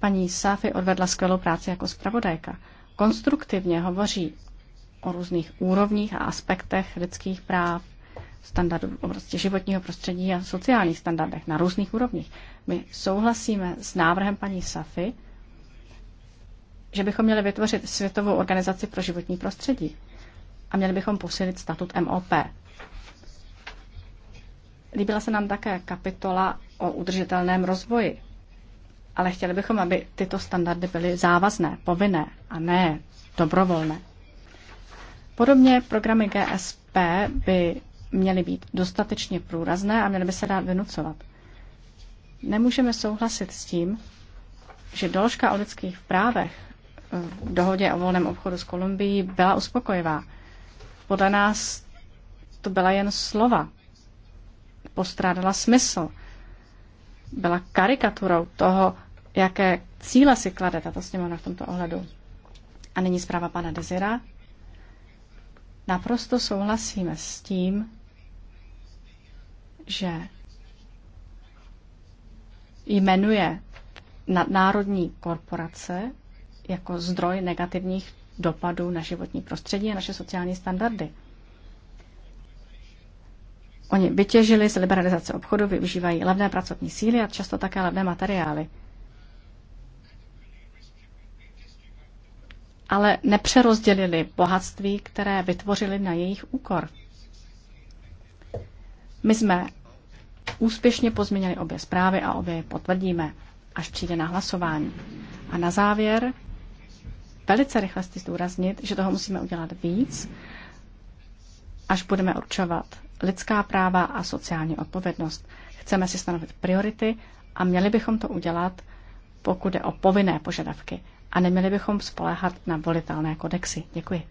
Paní Sáfy odvedla skvělou práci jako zpravodajka. Konstruktivně hovoří o různých úrovních a aspektech lidských práv, standardů v oblasti životního prostředí a sociálních standardech na různých úrovních. My souhlasíme s návrhem paní Safy, že bychom měli vytvořit Světovou organizaci pro životní prostředí a měli bychom posílit statut MOP. Líbila se nám také kapitola o udržitelném rozvoji, ale chtěli bychom, aby tyto standardy byly závazné, povinné a ne dobrovolné. Podobně programy GSP by měly být dostatečně průrazné a měly by se dát vynucovat. Nemůžeme souhlasit s tím, že doložka o lidských právech v dohodě o volném obchodu s Kolumbií byla uspokojivá. Podle nás to byla jen slova. Postrádala smysl. Byla karikaturou toho, jaké cíle si klade tato sněmovna v tomto ohledu. A není zpráva pana Dezira. Naprosto souhlasíme s tím, že jmenuje nadnárodní korporace jako zdroj negativních dopadu na životní prostředí a naše sociální standardy. Oni vytěžili z liberalizace obchodu, využívají levné pracovní síly a často také levné materiály. Ale nepřerozdělili bohatství, které vytvořili na jejich úkor. My jsme úspěšně pozměnili obě zprávy a obě je potvrdíme, až přijde na hlasování. A na závěr velice rychle chci zdůraznit, že toho musíme udělat víc, až budeme určovat lidská práva a sociální odpovědnost. Chceme si stanovit priority a měli bychom to udělat, pokud je o povinné požadavky a neměli bychom spoléhat na volitelné kodexy. Děkuji.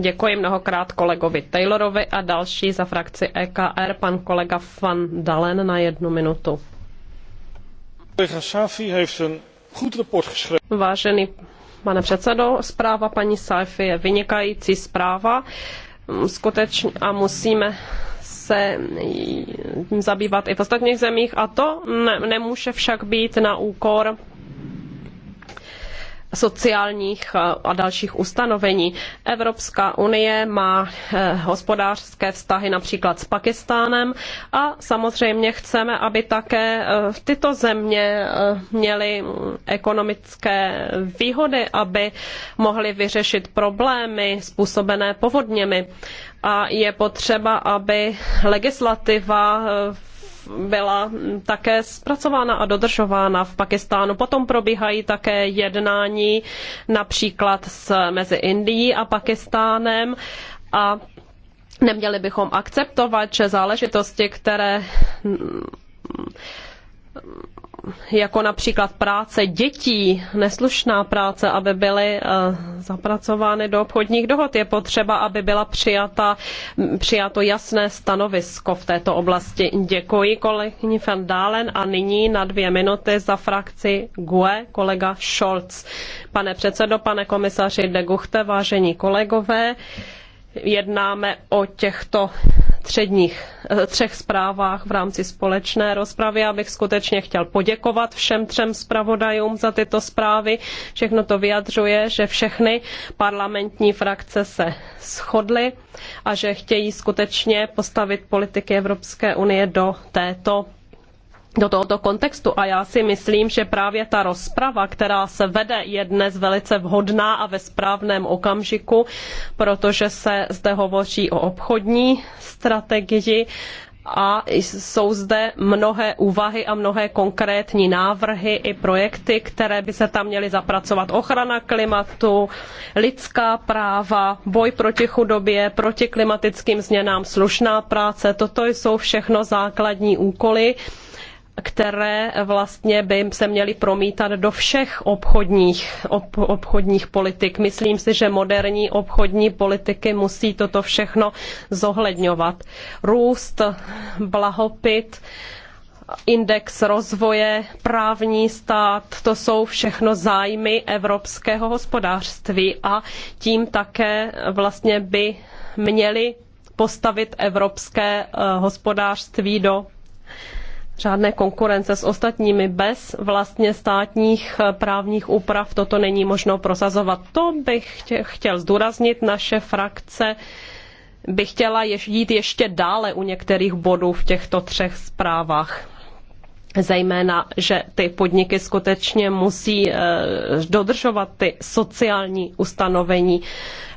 Děkuji mnohokrát kolegovi Taylorovi a další za frakci EKR pan kolega Van Dalen na jednu minutu. Safi heeft een Vážený pane předsedo, zpráva paní Saify je vynikající zpráva skutečně a musíme se zabývat i v ostatních zemích a to ne, nemůže však být na úkor sociálních eh, a dalších ustanovení. Evropská unie má eh, hospodářské vztahy například s Pakistánem a samozřejmě chceme, aby také eh, tyto země měly ekonomické výhody, aby mohly vyřešit problémy způsobené povodněmi. A je potřeba, aby legislativa v byla také zpracována a dodržována v Pakistánu. Potom probíhají také jednání například s, mezi Indií a Pakistánem a neměli bychom akceptovat, že záležitosti, které jako například práce dětí, neslušná práce, aby byly eh, zapracovány do obchodních dohod. Je potřeba, aby byla přijata, přijato jasné stanovisko v této oblasti. Děkuji kolegyni van Dálen a nyní na dvě minuty za frakci GUE kolega Scholz. Pane předsedo, pane komisaři de Guchte, vážení kolegové, jednáme o těchto Eh, třech zprávách v rámci společné rozpravy. Já bych skutečně chtěl poděkovat všem třem zpravodajům za tyto zprávy. Všechno to vyjadřuje, že všechny parlamentní frakce se shodly a že chtějí skutečně postavit politiky Evropské unie do této do tohoto kontextu a já si myslím, že právě ta rozprava, která se vede, je dnes velice vhodná a ve správném okamžiku, protože se zde hovoří o obchodní strategii a jsou zde mnohé úvahy a mnohé konkrétní návrhy i projekty, které by se tam měly zapracovat. Ochrana klimatu, lidská práva, boj proti chudobě, proti klimatickým změnám, slušná práce, toto jsou všechno základní úkoly, které vlastně by se měly promítat do všech obchodních, ob, obchodních politik. Myslím si, že moderní obchodní politiky musí toto všechno zohledňovat. Růst, blahopit, index rozvoje, právní stát, to jsou všechno zájmy evropského hospodářství a tím také vlastně by měly postavit evropské eh, hospodářství do žádné konkurence s ostatními. Bez vlastně státních eh, právních úprav toto není možno prosazovat. To bych chtěl zdůraznit. Naše frakce by chtěla jít ještě dále u některých bodů v těchto třech zprávách. Zejména, že ty podniky skutečně musí e, dodržovat ty sociální ustanovení.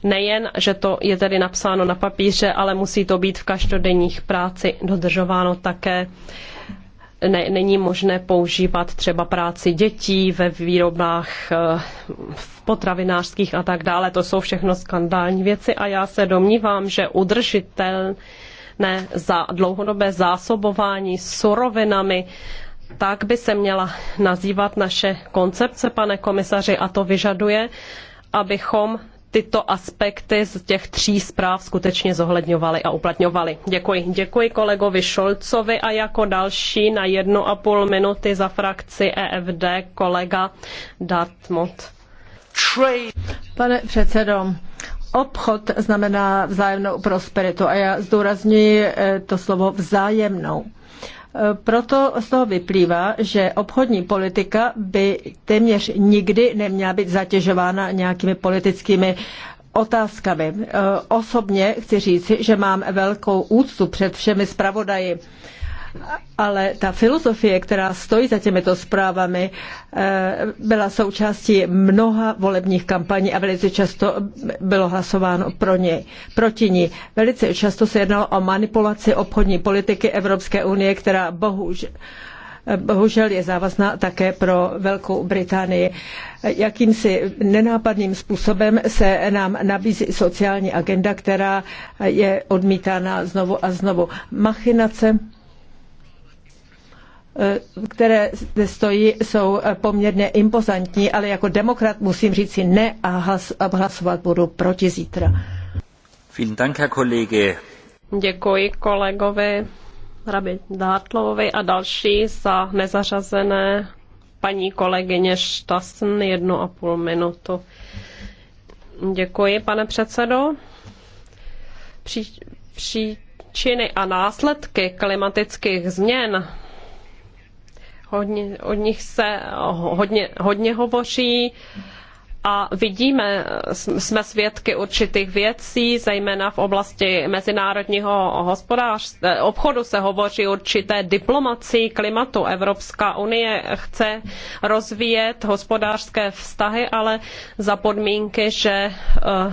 Nejen, že to je tedy napsáno na papíře, ale musí to být v každodenních práci dodržováno také ne, není možné používat třeba práci dětí ve výrobách eh, v potravinářských a tak dále. To jsou všechno skandální věci a já se domnívám, že udržitelné za dlouhodobé zásobování surovinami tak by se měla nazývat naše koncepce, pane komisaři, a to vyžaduje, abychom tyto aspekty z těch tří zpráv skutečně zohledňovaly a uplatňovaly. Děkuji. Děkuji kolegovi Šolcovi a jako další na jednu a půl minuty za frakci EFD kolega Dartmouth. Pane předsedo, obchod znamená vzájemnou prosperitu a já zdůrazňuji eh, to slovo vzájemnou. Proto z toho vyplývá, že obchodní politika by téměř nikdy neměla být zatěžována nějakými politickými otázkami. Osobně chci říci, že mám velkou úctu před všemi zpravodaji ale ta filozofie, která stojí za těmito zprávami, eh, byla součástí mnoha volebních kampaní a velice často bylo hlasováno pro ně, proti ní. Velice často se jednalo o manipulaci obchodní politiky Evropské unie, která bohužel eh, bohužel je závazná také pro Velkou Británii. Jakýmsi nenápadným způsobem se nám nabízí sociální agenda, která je odmítána znovu a znovu. Machinace Eh, které zde stojí, jsou eh, poměrně impozantní, ale jako demokrat musím říct si ne a hlasovat budu proti zítra. Děkuji kolegovi Rabi Dátlovovi a další za nezařazené paní kolegyně Štasn jednu a půl minutu. Děkuji, pane předsedo. Pří, příčiny a následky klimatických změn Hodně, o nich se hodně, hodně hovoří a vidíme, jsme svědky určitých věcí, zejména v oblasti mezinárodního hospodářství. Eh, obchodu se hovoří určité diplomací klimatu. Evropská unie chce rozvíjet hospodářské vztahy, ale za podmínky, že eh,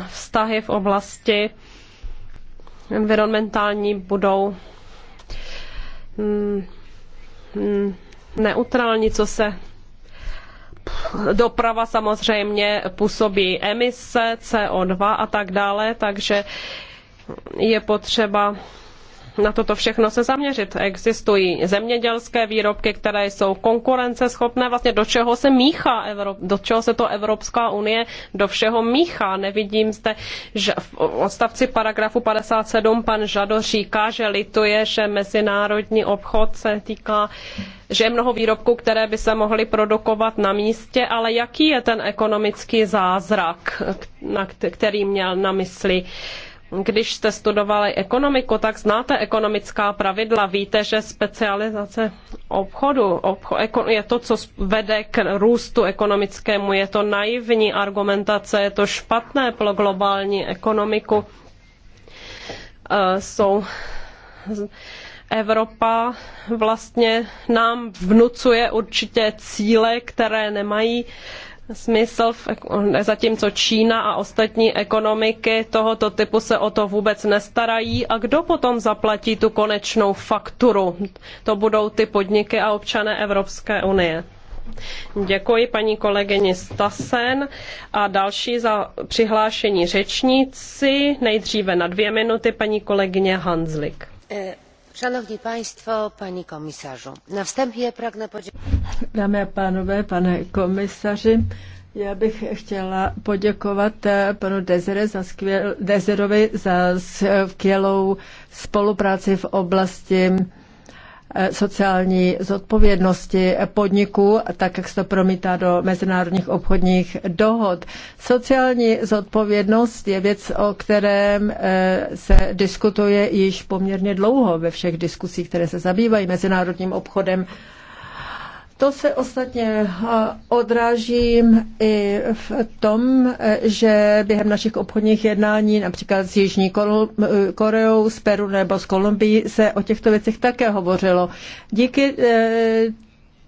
vztahy v oblasti environmentální budou mm, mm, neutrální, co se doprava samozřejmě působí emise CO2 a tak dále, takže je potřeba na toto všechno se zaměřit. Existují zemědělské výrobky, které jsou konkurenceschopné, vlastně do čeho se míchá, Evrop, do čeho se to Evropská unie do všeho míchá. Nevidím zde, že v odstavci paragrafu 57 pan Žado říká, že lituje, že mezinárodní obchod se týká že je mnoho výrobků, které by se mohly produkovat na místě, ale jaký je ten ekonomický zázrak, který měl na mysli když jste studovali ekonomiku, tak znáte ekonomická pravidla. Víte, že specializace obchodu je to, co vede k růstu ekonomickému. Je to naivní argumentace, je to špatné pro globální ekonomiku. E, jsou Evropa vlastně nám vnucuje určitě cíle, které nemají smysl, zatímco Čína a ostatní ekonomiky tohoto typu se o to vůbec nestarají. A kdo potom zaplatí tu konečnou fakturu? To budou ty podniky a občané Evropské unie. Děkuji paní kolegyni Stasen a další za přihlášení řečníci. Nejdříve na dvě minuty paní kolegyně Hanzlik. Eh, Pane Państwo, na wstępie pragnę podziękować. Dámy a pánové, pane komisaři, já bych chtěla poděkovat eh, panu Dezere za Dezerovi za skvělou spolupráci v oblasti Eh, sociální zodpovědnosti podniků, tak jak se to promítá do mezinárodních obchodních dohod. Sociální zodpovědnost je věc, o kterém eh, se diskutuje již poměrně dlouho ve všech diskusích, které se zabývají mezinárodním obchodem to se ostatně eh, odráží i v tom, eh, že během našich obchodních jednání například s Jižní eh, Koreou, s Peru nebo s Kolumbií se o těchto věcech také hovořilo. Díky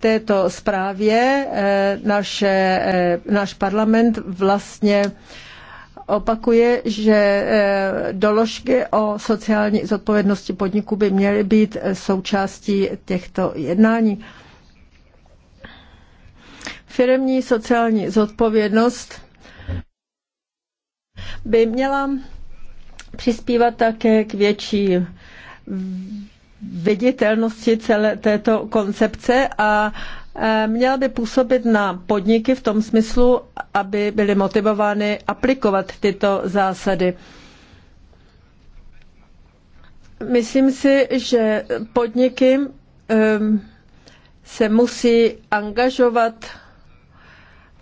této zprávě naše, náš parlament vlastně opakuje, že doložky o sociální zodpovědnosti podniku by měly být součástí těchto jednání. Firemní sociální zodpovědnost by měla přispívat také k větší viditelnosti celé této koncepce a e, měla by působit na podniky v tom smyslu, aby byly motivovány aplikovat tyto zásady. Myslím si, že podniky e, se musí angažovat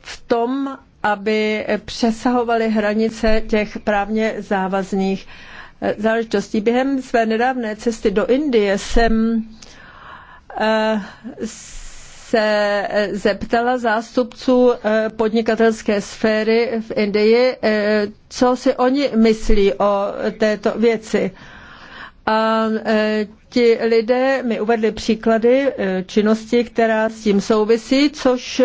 v tom, aby přesahovaly hranice těch právně závazných eh, záležitostí. Během své nedávné cesty do Indie jsem eh, se zeptala zástupců eh, podnikatelské sféry v Indii, co si oni myslí o této věci. A ti lidé mi uvedli příklady činnosti, která s tím souvisí, což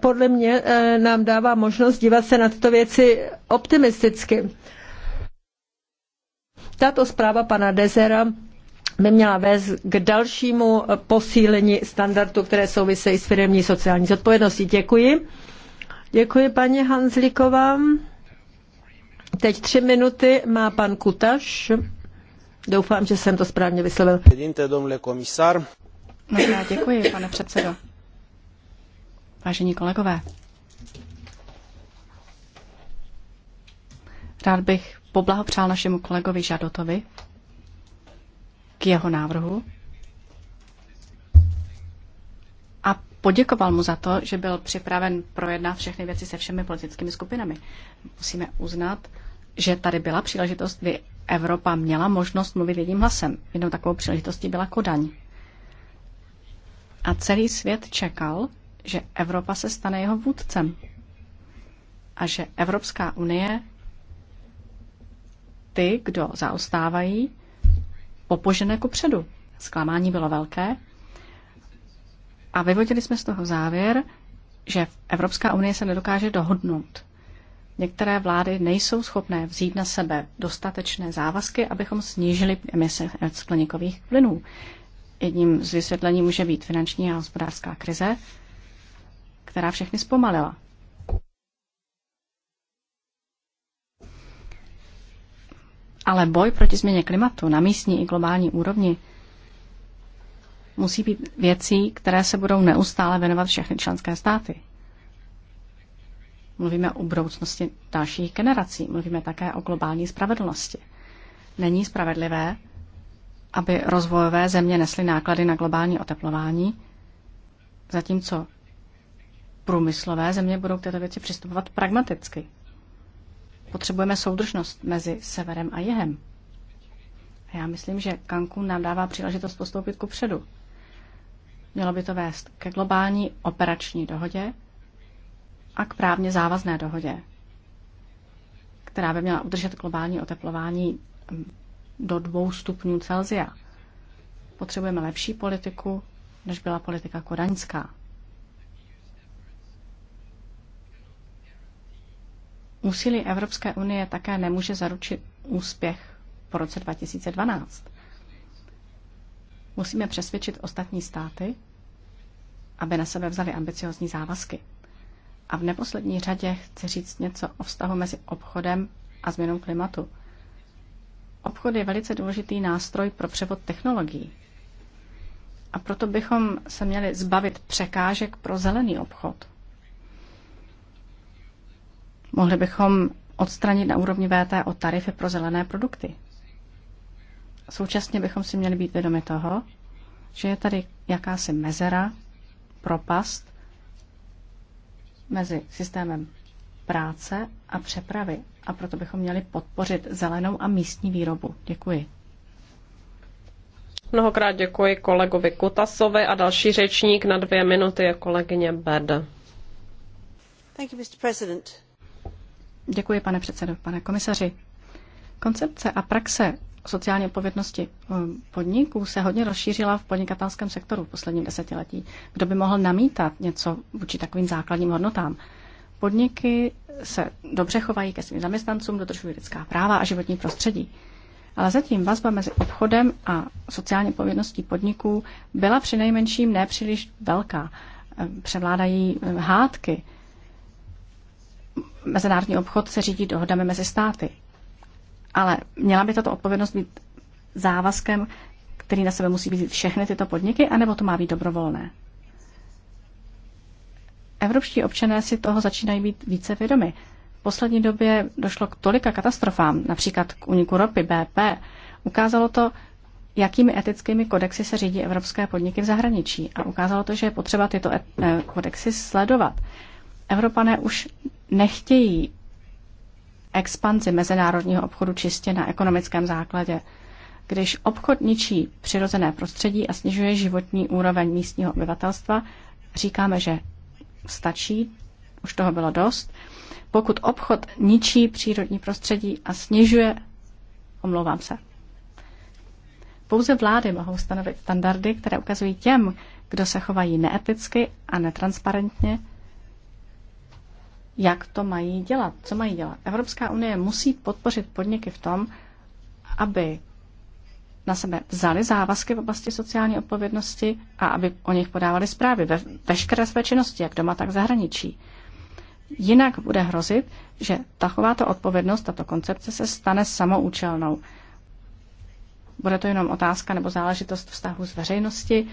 podle mě eh, nám dává možnost dívat se na tyto věci optimisticky. Tato zpráva pana Dezera by měla vést k dalšímu posílení standardů, které souvisejí s firmní sociální zodpovědností. Děkuji. Děkuji paní Hanzlíková. Teď tři minuty má pan Kutaš. Doufám, že jsem to správně vyslovil. Děkuji, pane předsedo. Vážení kolegové, rád bych poblahopřál našemu kolegovi Žadotovi k jeho návrhu a poděkoval mu za to, že byl připraven projednat všechny věci se všemi politickými skupinami. Musíme uznat, že tady byla příležitost, kdy Evropa měla možnost mluvit jedním hlasem. Jednou takovou příležitostí byla Kodaň. A celý svět čekal, že Evropa se stane jeho vůdcem a že Evropská unie ty, kdo zaostávají, popožené ku předu. Zklamání bylo velké a vyvodili jsme z toho závěr, že Evropská unie se nedokáže dohodnout. Některé vlády nejsou schopné vzít na sebe dostatečné závazky, abychom snížili emise skleníkových plynů. Jedním z vysvětlení může být finanční a hospodářská krize, která všechny zpomalila. Ale boj proti změně klimatu na místní i globální úrovni musí být věcí, které se budou neustále věnovat všechny členské státy. Mluvíme o budoucnosti dalších generací, mluvíme také o globální spravedlnosti. Není spravedlivé, aby rozvojové země nesly náklady na globální oteplování, zatímco průmyslové země budou k této věci přistupovat pragmaticky. Potřebujeme soudržnost mezi severem a jihem. A já myslím, že Cancún nám dává příležitost postoupit ku předu. Mělo by to vést ke globální operační dohodě a k právně závazné dohodě, která by měla udržet globální oteplování hm, do dvou stupňů Celsia. Potřebujeme lepší politiku, než byla politika kodaňská. Úsilí Evropské unie také nemůže zaručit úspěch po roce 2012. Musíme přesvědčit ostatní státy, aby na sebe vzali ambiciozní závazky. A v neposlední řadě chci říct něco o vztahu mezi obchodem a změnou klimatu. Obchod je velice důležitý nástroj pro převod technologií. A proto bychom se měli zbavit překážek pro zelený obchod. Mohli bychom odstranit na úrovni VTO tarify pro zelené produkty. Současně bychom si měli být vědomi toho, že je tady jakási mezera, propast mezi systémem práce a přepravy. A proto bychom měli podpořit zelenou a místní výrobu. Děkuji. Mnohokrát děkuji kolegovi Kutasovi a další řečník na dvě minuty je kolegyně Bed. Thank you, Mr. President. Děkuji, pane předsedo, pane komisaři. Koncepce a praxe sociální odpovědnosti um, podniků se hodně rozšířila v podnikatelském sektoru v posledním desetiletí. Kdo by mohl namítat něco vůči takovým základním hodnotám? Podniky se dobře chovají ke svým zaměstnancům, dodržují lidská práva a životní prostředí. Ale zatím vazba mezi obchodem a sociální povědností podniků byla přinejmenším nepříliš velká. Převládají um, hádky, mezinárodní obchod se řídí dohodami mezi státy. Ale měla by tato odpovědnost být závazkem, který na sebe musí být všechny tyto podniky, anebo to má být dobrovolné? Evropští občané si toho začínají být více vědomi. V poslední době došlo k tolika katastrofám, například k uniku ropy BP. Ukázalo to, jakými etickými kodexy se řídí evropské podniky v zahraničí a ukázalo to, že je potřeba tyto eh, kodexy sledovat. Evropané už nechtějí expanzi mezinárodního obchodu čistě na ekonomickém základě, když obchod ničí přirozené prostředí a snižuje životní úroveň místního obyvatelstva, říkáme, že stačí, už toho bylo dost. Pokud obchod ničí přírodní prostředí a snižuje, omlouvám se, pouze vlády mohou stanovit standardy, které ukazují těm, kdo se chovají neeticky a netransparentně, jak to mají dělat, co mají dělat. Evropská unie musí podpořit podniky v tom, aby na sebe vzali závazky v oblasti sociální odpovědnosti a aby o nich podávali zprávy ve veškeré své činnosti, jak doma, tak zahraničí. Jinak bude hrozit, že takováto odpovědnost, tato koncepce se stane samoučelnou. Bude to jenom otázka nebo záležitost vztahu s veřejnosti,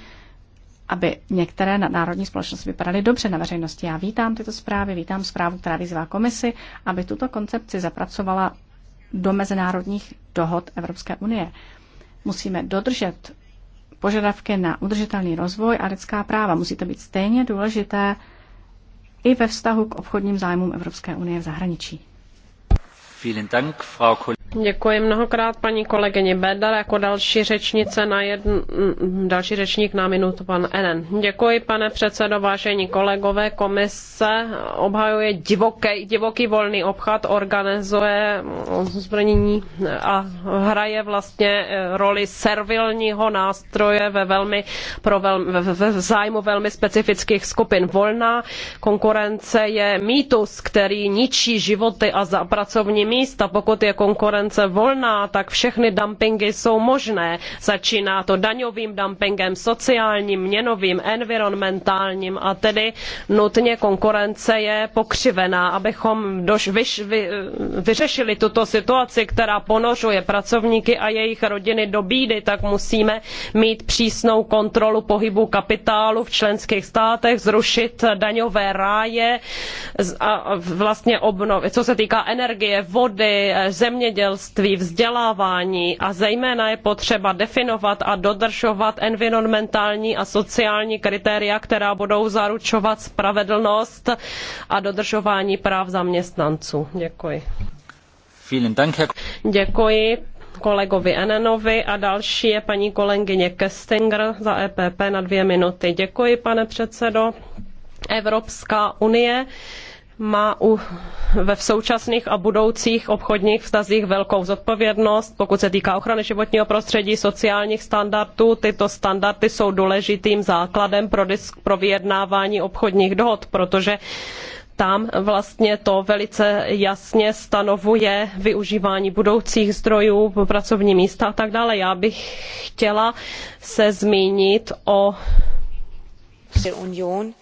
aby některé národní společnosti vypadaly dobře na veřejnosti. Já vítám tyto zprávy, vítám zprávu, která vyzývá komisi, aby tuto koncepci zapracovala do mezinárodních dohod Evropské unie. Musíme dodržet požadavky na udržitelný rozvoj a lidská práva. Musí to být stejně důležité i ve vztahu k obchodním zájmům Evropské unie v zahraničí. Děkuji mnohokrát paní kolegyni Bedar. Jako další řečnice na jedn, další řečník na minutu pan Enen. Děkuji pane předsedo, vážení kolegové. Komise obhajuje divoký, divoký volný obchod, organizuje zbranění a hraje vlastně eh, roli servilního nástroje ve velmi, pro vel, v zájmu velmi specifických skupin. Volná konkurence je mýtus, který ničí životy a za pracovní místa. Pokud je konkurence konkurence volná, tak všechny dumpingy jsou možné. Začíná to daňovým dumpingem, sociálním, měnovým, environmentálním a tedy nutně konkurence je pokřivená. Abychom doš, vyš, vy, vyřešili tuto situaci, která ponořuje pracovníky a jejich rodiny do bídy, tak musíme mít přísnou kontrolu pohybu kapitálu v členských státech, zrušit daňové ráje a vlastně obnovit, co se týká energie, vody, zemědělství, školství, vzdělávání a zejména je potřeba definovat a dodržovat environmentální a sociální kritéria, která budou zaručovat spravedlnost a dodržování práv zaměstnanců. Děkuji. Děkuji kolegovi Enenovi a další je paní kolegyně Kestinger za EPP na dvě minuty. Děkuji, pane předsedo. Evropská unie má u, ve v současných a budoucích obchodních vztazích velkou zodpovědnost, pokud se týká ochrany životního prostředí, sociálních standardů. Tyto standardy jsou důležitým základem pro, disk, pro vyjednávání obchodních dohod, protože tam vlastně to velice jasně stanovuje využívání budoucích zdrojů, pracovní místa a tak dále. Já bych chtěla se zmínit o Union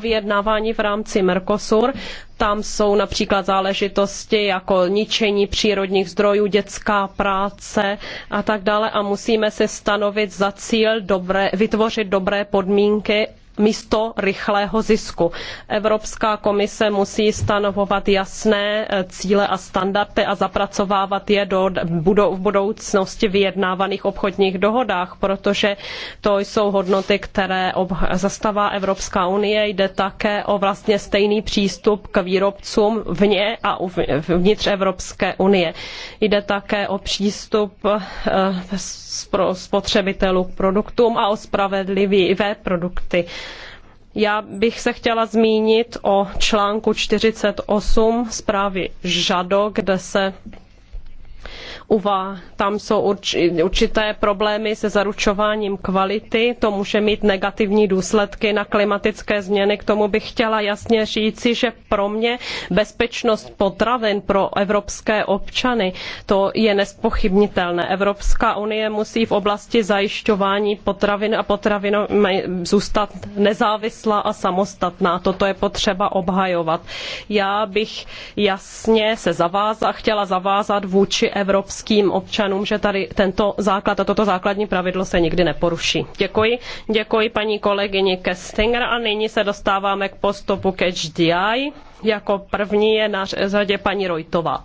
vyjednávání v rámci Mercosur. Tam jsou například záležitosti jako ničení přírodních zdrojů, dětská práce a tak dále a musíme si stanovit za cíl dobré, vytvořit dobré podmínky místo rychlého zisku. Evropská komise musí stanovovat jasné eh, cíle a standardy a zapracovávat je do budou, v budoucnosti vyjednávaných obchodních dohodách, protože to jsou hodnoty, které ob, zastává Evropská unie. Jde také o vlastně stejný přístup k výrobcům vně a vnitř Evropské unie. Jde také o přístup eh, spotřebitelů k produktům a o spravedlivé produkty. Já bych se chtěla zmínit o článku 48 zprávy ŽADO, kde se Uva, tam jsou určité problémy se zaručováním kvality, to může mít negativní důsledky na klimatické změny. K tomu bych chtěla jasně říci, že pro mě bezpečnost potravin pro evropské občany, to je nespochybnitelné. Evropská unie musí v oblasti zajišťování potravin a potravin zůstat nezávislá a samostatná. Toto je potřeba obhajovat. Já bych jasně se zavázala, chtěla zavázat vůči evropským občanům, že tady tento základ a toto základní pravidlo se nikdy neporuší. Děkuji. Děkuji paní kolegyni Kestinger a nyní se dostáváme k postupu Catch Jako první je na řadě paní Rojtová.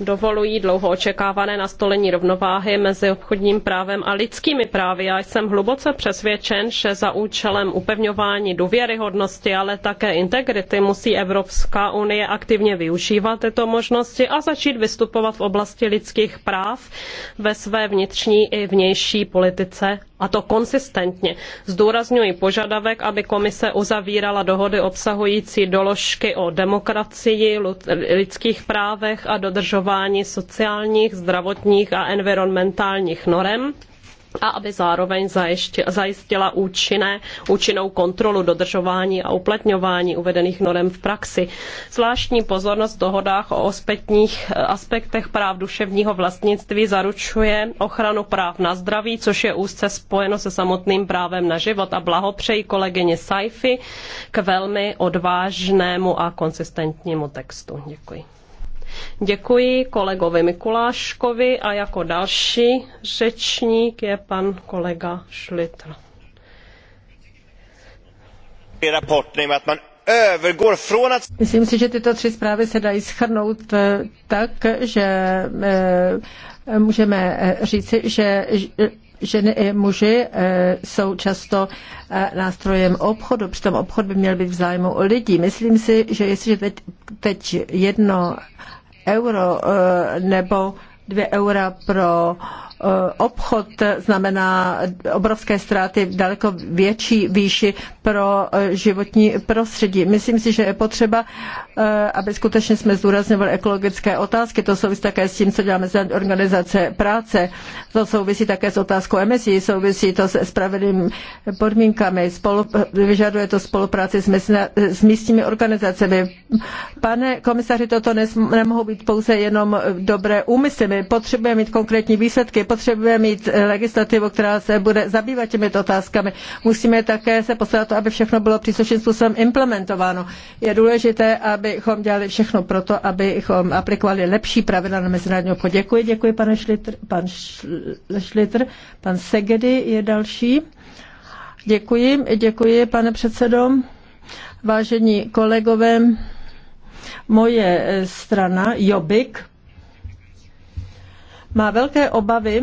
dovolují dlouho očekávané nastolení rovnováhy mezi obchodním právem a lidskými právy. Já jsem hluboce přesvědčen, že za účelem upevňování důvěryhodnosti, ale také integrity musí Evropská unie aktivně využívat tyto možnosti a začít vystupovat v oblasti lidských práv ve své vnitřní i vnější politice a to konsistentně. Zdůrazňuji požadavek, aby komise uzavírala dohody obsahující doložky o demokracii, lidských právech a dodržování sociálních, zdravotních a environmentálních norem a aby zároveň zajistila účinné, účinnou kontrolu dodržování a uplatňování uvedených norem v praxi. Zvláštní pozornost v dohodách o ospětních eh, aspektech práv duševního vlastnictví zaručuje ochranu práv na zdraví, což je úzce spojeno se samotným právem na život a blahopřeji kolegyně Saifi k velmi odvážnému a konsistentnímu textu. Děkuji. Děkuji kolegovi Mikuláškovi a jako další řečník je pan kolega Šlitr. Myslím si, že tyto tři zprávy se dají schrnout eh, tak, že eh, můžeme eh, říci, že ženy i muži jsou často nástrojem obchodu, přitom obchod by měl být v zájmu lidí. Myslím si, že jestliže teď, teď jedno euro eh, nebo dvě eura pro eh, obchod znamená obrovské ztráty v daleko větší výši pro eh, životní prostředí. Myslím si, že je potřeba Eh, aby skutečně jsme zdůrazňovali ekologické otázky. To souvisí také s tím, co děláme za organizace práce. To souvisí také s otázkou emisí, souvisí to se spravedlivými podmínkami. Spolu, vyžaduje to spolupráci s, mesna, s místními organizacemi. Pane komisaři, toto nes, nemohou být pouze jenom dobré úmysly. My potřebujeme mít konkrétní výsledky, potřebujeme mít legislativu, která se bude zabývat těmito otázkami. Musíme také se postarat o to, aby všechno bylo příslušným způsobem implementováno. Je důležité, aby abychom dělali všechno pro to, abychom aplikovali lepší pravidla na mezinárodní obchod. Děkuji, děkuji, pane Šlitr, pan Šlitr, pan Segedy je další. Děkuji, děkuji, pane předsedo. Vážení kolegové, moje eh, strana Jobik má velké obavy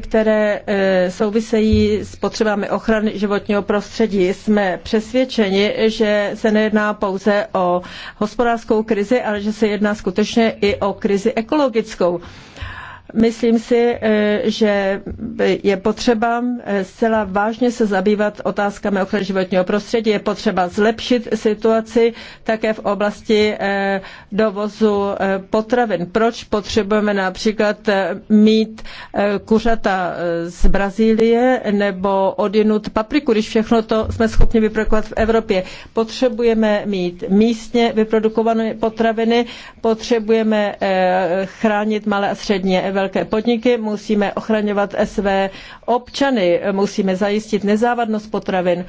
které eh, souvisejí s potřebami ochrany životního prostředí. Jsme přesvědčeni, že se nejedná pouze o hospodářskou krizi, ale že se jedná skutečně i o krizi ekologickou. Myslím si, eh, že je potřeba eh, zcela vážně se zabývat otázkami ochrany životního prostředí. Je potřeba zlepšit situaci také v oblasti eh, dovozu potravin. Proč potřebujeme například mít kuřata z Brazílie nebo odinut papriku, když všechno to jsme schopni vyprodukovat v Evropě? Potřebujeme mít místně vyprodukované potraviny, potřebujeme chránit malé a střední velké podniky, musíme ochraňovat své občany, musíme zajistit nezávadnost potravin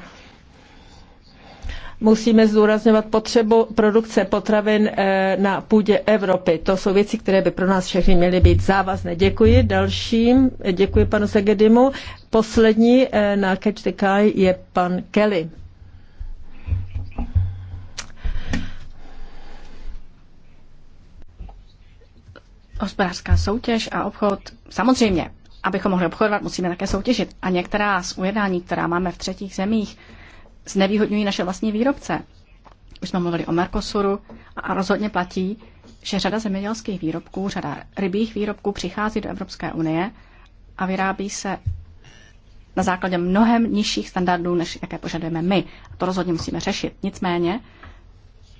musíme zdůrazňovat potřebu produkce potravin eh, na půdě Evropy. To jsou věci, které by pro nás všechny měly být závazné. Děkuji dalším, eh, děkuji panu Segedimu. Poslední eh, na Catch the Kai je pan Kelly. Hospodářská soutěž a obchod, samozřejmě, abychom mohli obchodovat, musíme také soutěžit. A některá z ujednání, která máme v třetích zemích, znevýhodňují naše vlastní výrobce. Už jsme mluvili o Mercosuru a rozhodně platí, že řada zemědělských výrobků, řada rybích výrobků přichází do Evropské unie a vyrábí se na základě mnohem nižších standardů, než jaké požadujeme my. A to rozhodně musíme řešit. Nicméně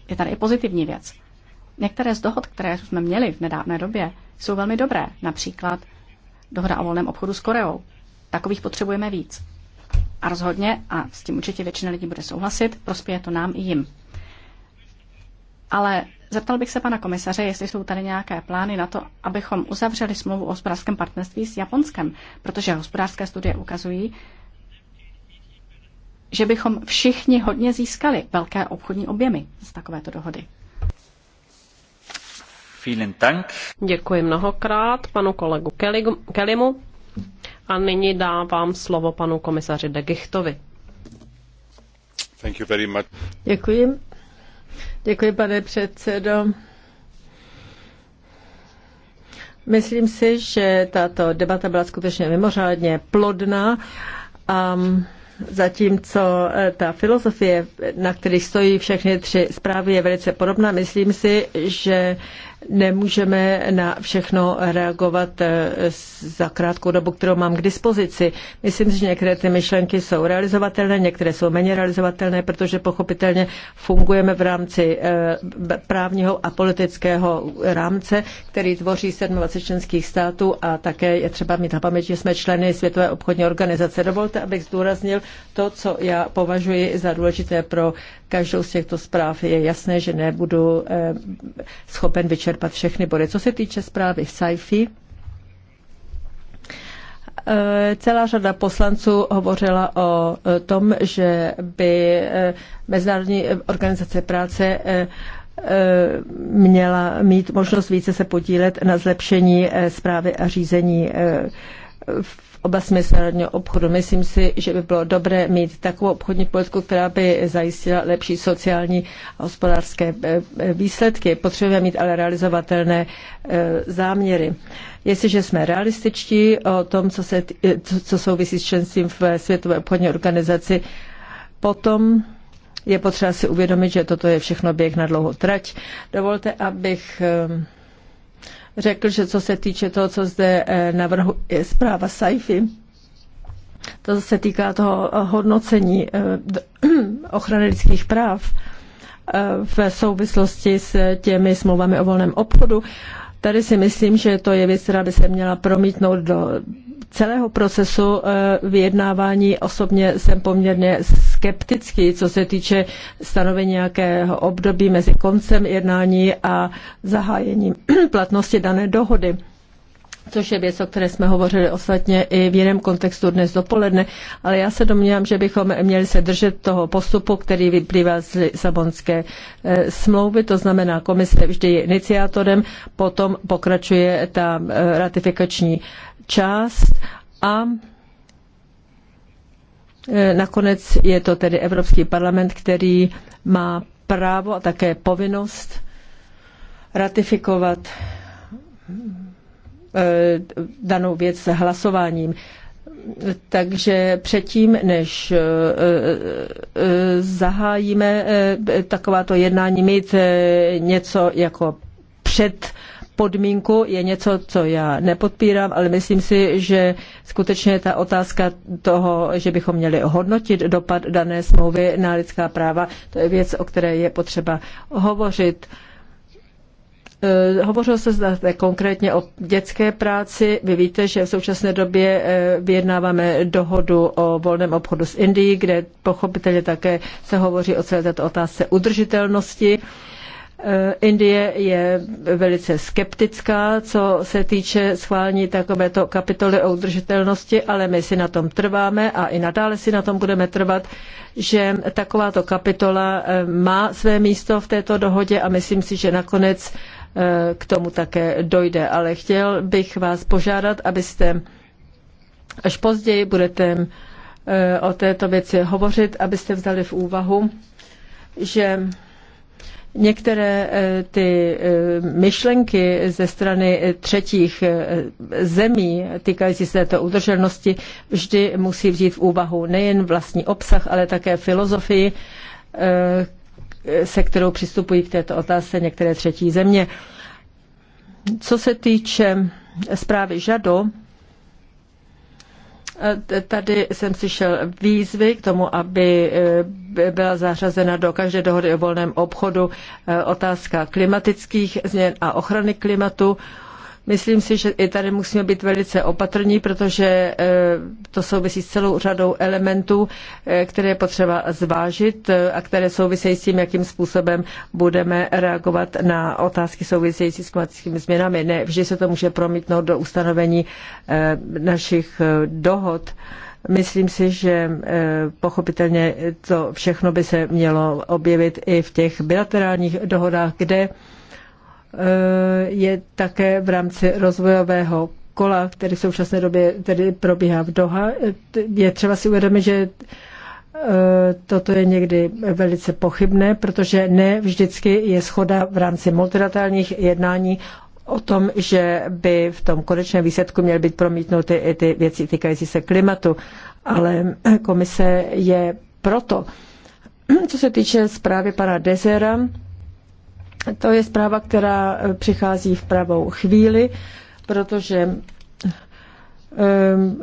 je tady i pozitivní věc. Některé z dohod, které jsme měli v nedávné době, jsou velmi dobré, například dohoda o volném obchodu s Koreou. Takových potřebujeme víc. A rozhodně, a s tím určitě většina lidí bude souhlasit, prospěje to nám i jim. Ale zeptal bych se pana komisaře, jestli jsou tady nějaké plány na to, abychom uzavřeli smlouvu o hospodářském partnerství s Japonskem, protože hospodářské studie ukazují, že bychom všichni hodně získali velké obchodní objemy z takovéto dohody. Děkuji mnohokrát panu kolegu Kelimu. A nyní dávám slovo panu komisaři de Gichtovi. Thank you very much. Děkuji. Děkuji, pane předsedo. Myslím si, že tato debata byla skutečně mimořádně plodná. A zatímco eh, ta filozofie, na kterých stojí všechny tři zprávy, je velice podobná, myslím si, že nemůžeme na všechno reagovat eh, za krátkou dobu, kterou mám k dispozici. Myslím si, že některé ty myšlenky jsou realizovatelné, některé jsou méně realizovatelné, protože pochopitelně fungujeme v rámci eh, právního a politického rámce, který tvoří 27 členských států a také je třeba mít na paměti, že jsme členy Světové obchodní organizace. Dovolte, abych zdůraznil to, co já považuji za důležité pro Každou z těchto zpráv je jasné, že nebudu eh, schopen vyčerpat všechny body. Co se týče zprávy v SAIFI, eh, celá řada poslanců hovořila o eh, tom, že by Mezinárodní organizace práce měla mít možnost více se podílet na zlepšení zprávy a řízení v oblast mezinárodního obchodu. Myslím si, že by bylo dobré mít takovou obchodní politiku, která by zajistila lepší sociální a hospodářské eh, eh, výsledky. Potřebujeme mít ale realizovatelné eh, záměry. Jestliže jsme realističtí o tom, co, se, co souvisí s členstvím v Světové obchodní organizaci, potom je potřeba si uvědomit, že toto je všechno běh na dlouhou trať. Dovolte, abych řekl, že co se týče toho, co zde eh, navrhuje zpráva SAIFI, to se týká toho eh, hodnocení eh, [CLEARS THROAT] ochrany lidských práv v souvislosti s těmi smlouvami o volném obchodu, Tady si myslím, že to je věc, která by se měla promítnout do celého procesu eh, vyjednávání. Osobně jsem poměrně skeptický, co se týče stanovení nějakého období mezi koncem jednání a zahájením [CLEARS THROAT] platnosti dané dohody což je věc, o které jsme hovořili ostatně i v jiném kontextu dnes dopoledne, ale já se domnívám, že bychom měli se držet toho postupu, který vyplývá z Lisabonské eh, smlouvy, to znamená, komise vždy je iniciátorem, potom pokračuje ta eh, ratifikační část a eh, nakonec je to tedy Evropský parlament, který má právo a také povinnost ratifikovat Eh, danou věc hlasováním. Takže předtím, než eh, eh, zahájíme takováto jednání, mít něco jako před podmínku je něco, co já nepodpírám, ale myslím si, že skutečně ta otázka toho, že bychom měli hodnotit dopad dané smlouvy na lidská práva, to je věc, o které je potřeba hovořit. Uh, Eh, Hovořilo se zde konkrétně o dětské práci. Vy víte, že v současné době eh, vyjednáváme dohodu o volném obchodu s Indií, kde pochopitelně také se hovoří o celé této otázce udržitelnosti. Eh, Indie je velice skeptická, co se týče schválení takovéto kapitoly o udržitelnosti, ale my si na tom trváme a i nadále si na tom budeme trvat, že takováto kapitola má své místo v této dohodě a myslím si, že nakonec k tomu také dojde. Ale chtěl bych vás požádat, abyste až později budete eh, o této věci hovořit, abyste vzali v úvahu, že některé eh, ty eh, myšlenky ze strany třetích zemí týkající se této udrželnosti vždy musí vzít v úvahu nejen vlastní obsah, ale také filozofii, se kterou přistupují k této otázce některé třetí země. Co se týče zprávy Žado, Tady jsem slyšel výzvy k tomu, aby e, byla zařazena do každé dohody o volném obchodu e, otázka klimatických změn a ochrany klimatu. Myslím si, že i tady musíme být velice opatrní, protože eh, to souvisí s celou řadou elementů, eh, které je potřeba zvážit eh, a které souvisejí s tím, jakým způsobem budeme reagovat na otázky související s klimatickými změnami. Ne, vždy se to může promítnout do ustanovení našich dohod. Myslím si, že pochopitelně to všechno by se mělo objevit i v těch bilaterálních dohodách, kde Eh, je také v rámci rozvojového kola, který v současné době tedy probíhá v Doha. Eh, je třeba si uvědomit, že eh, toto je někdy velice pochybné, protože ne vždycky je schoda v rámci multilaterálních jednání o tom, že by v tom konečném výsledku měly být promítnuty i ty věci týkající se klimatu, ale komise je proto. Co se týče zprávy pana Dezera, to je zpráva, která eh, přichází v pravou chvíli, protože ehm,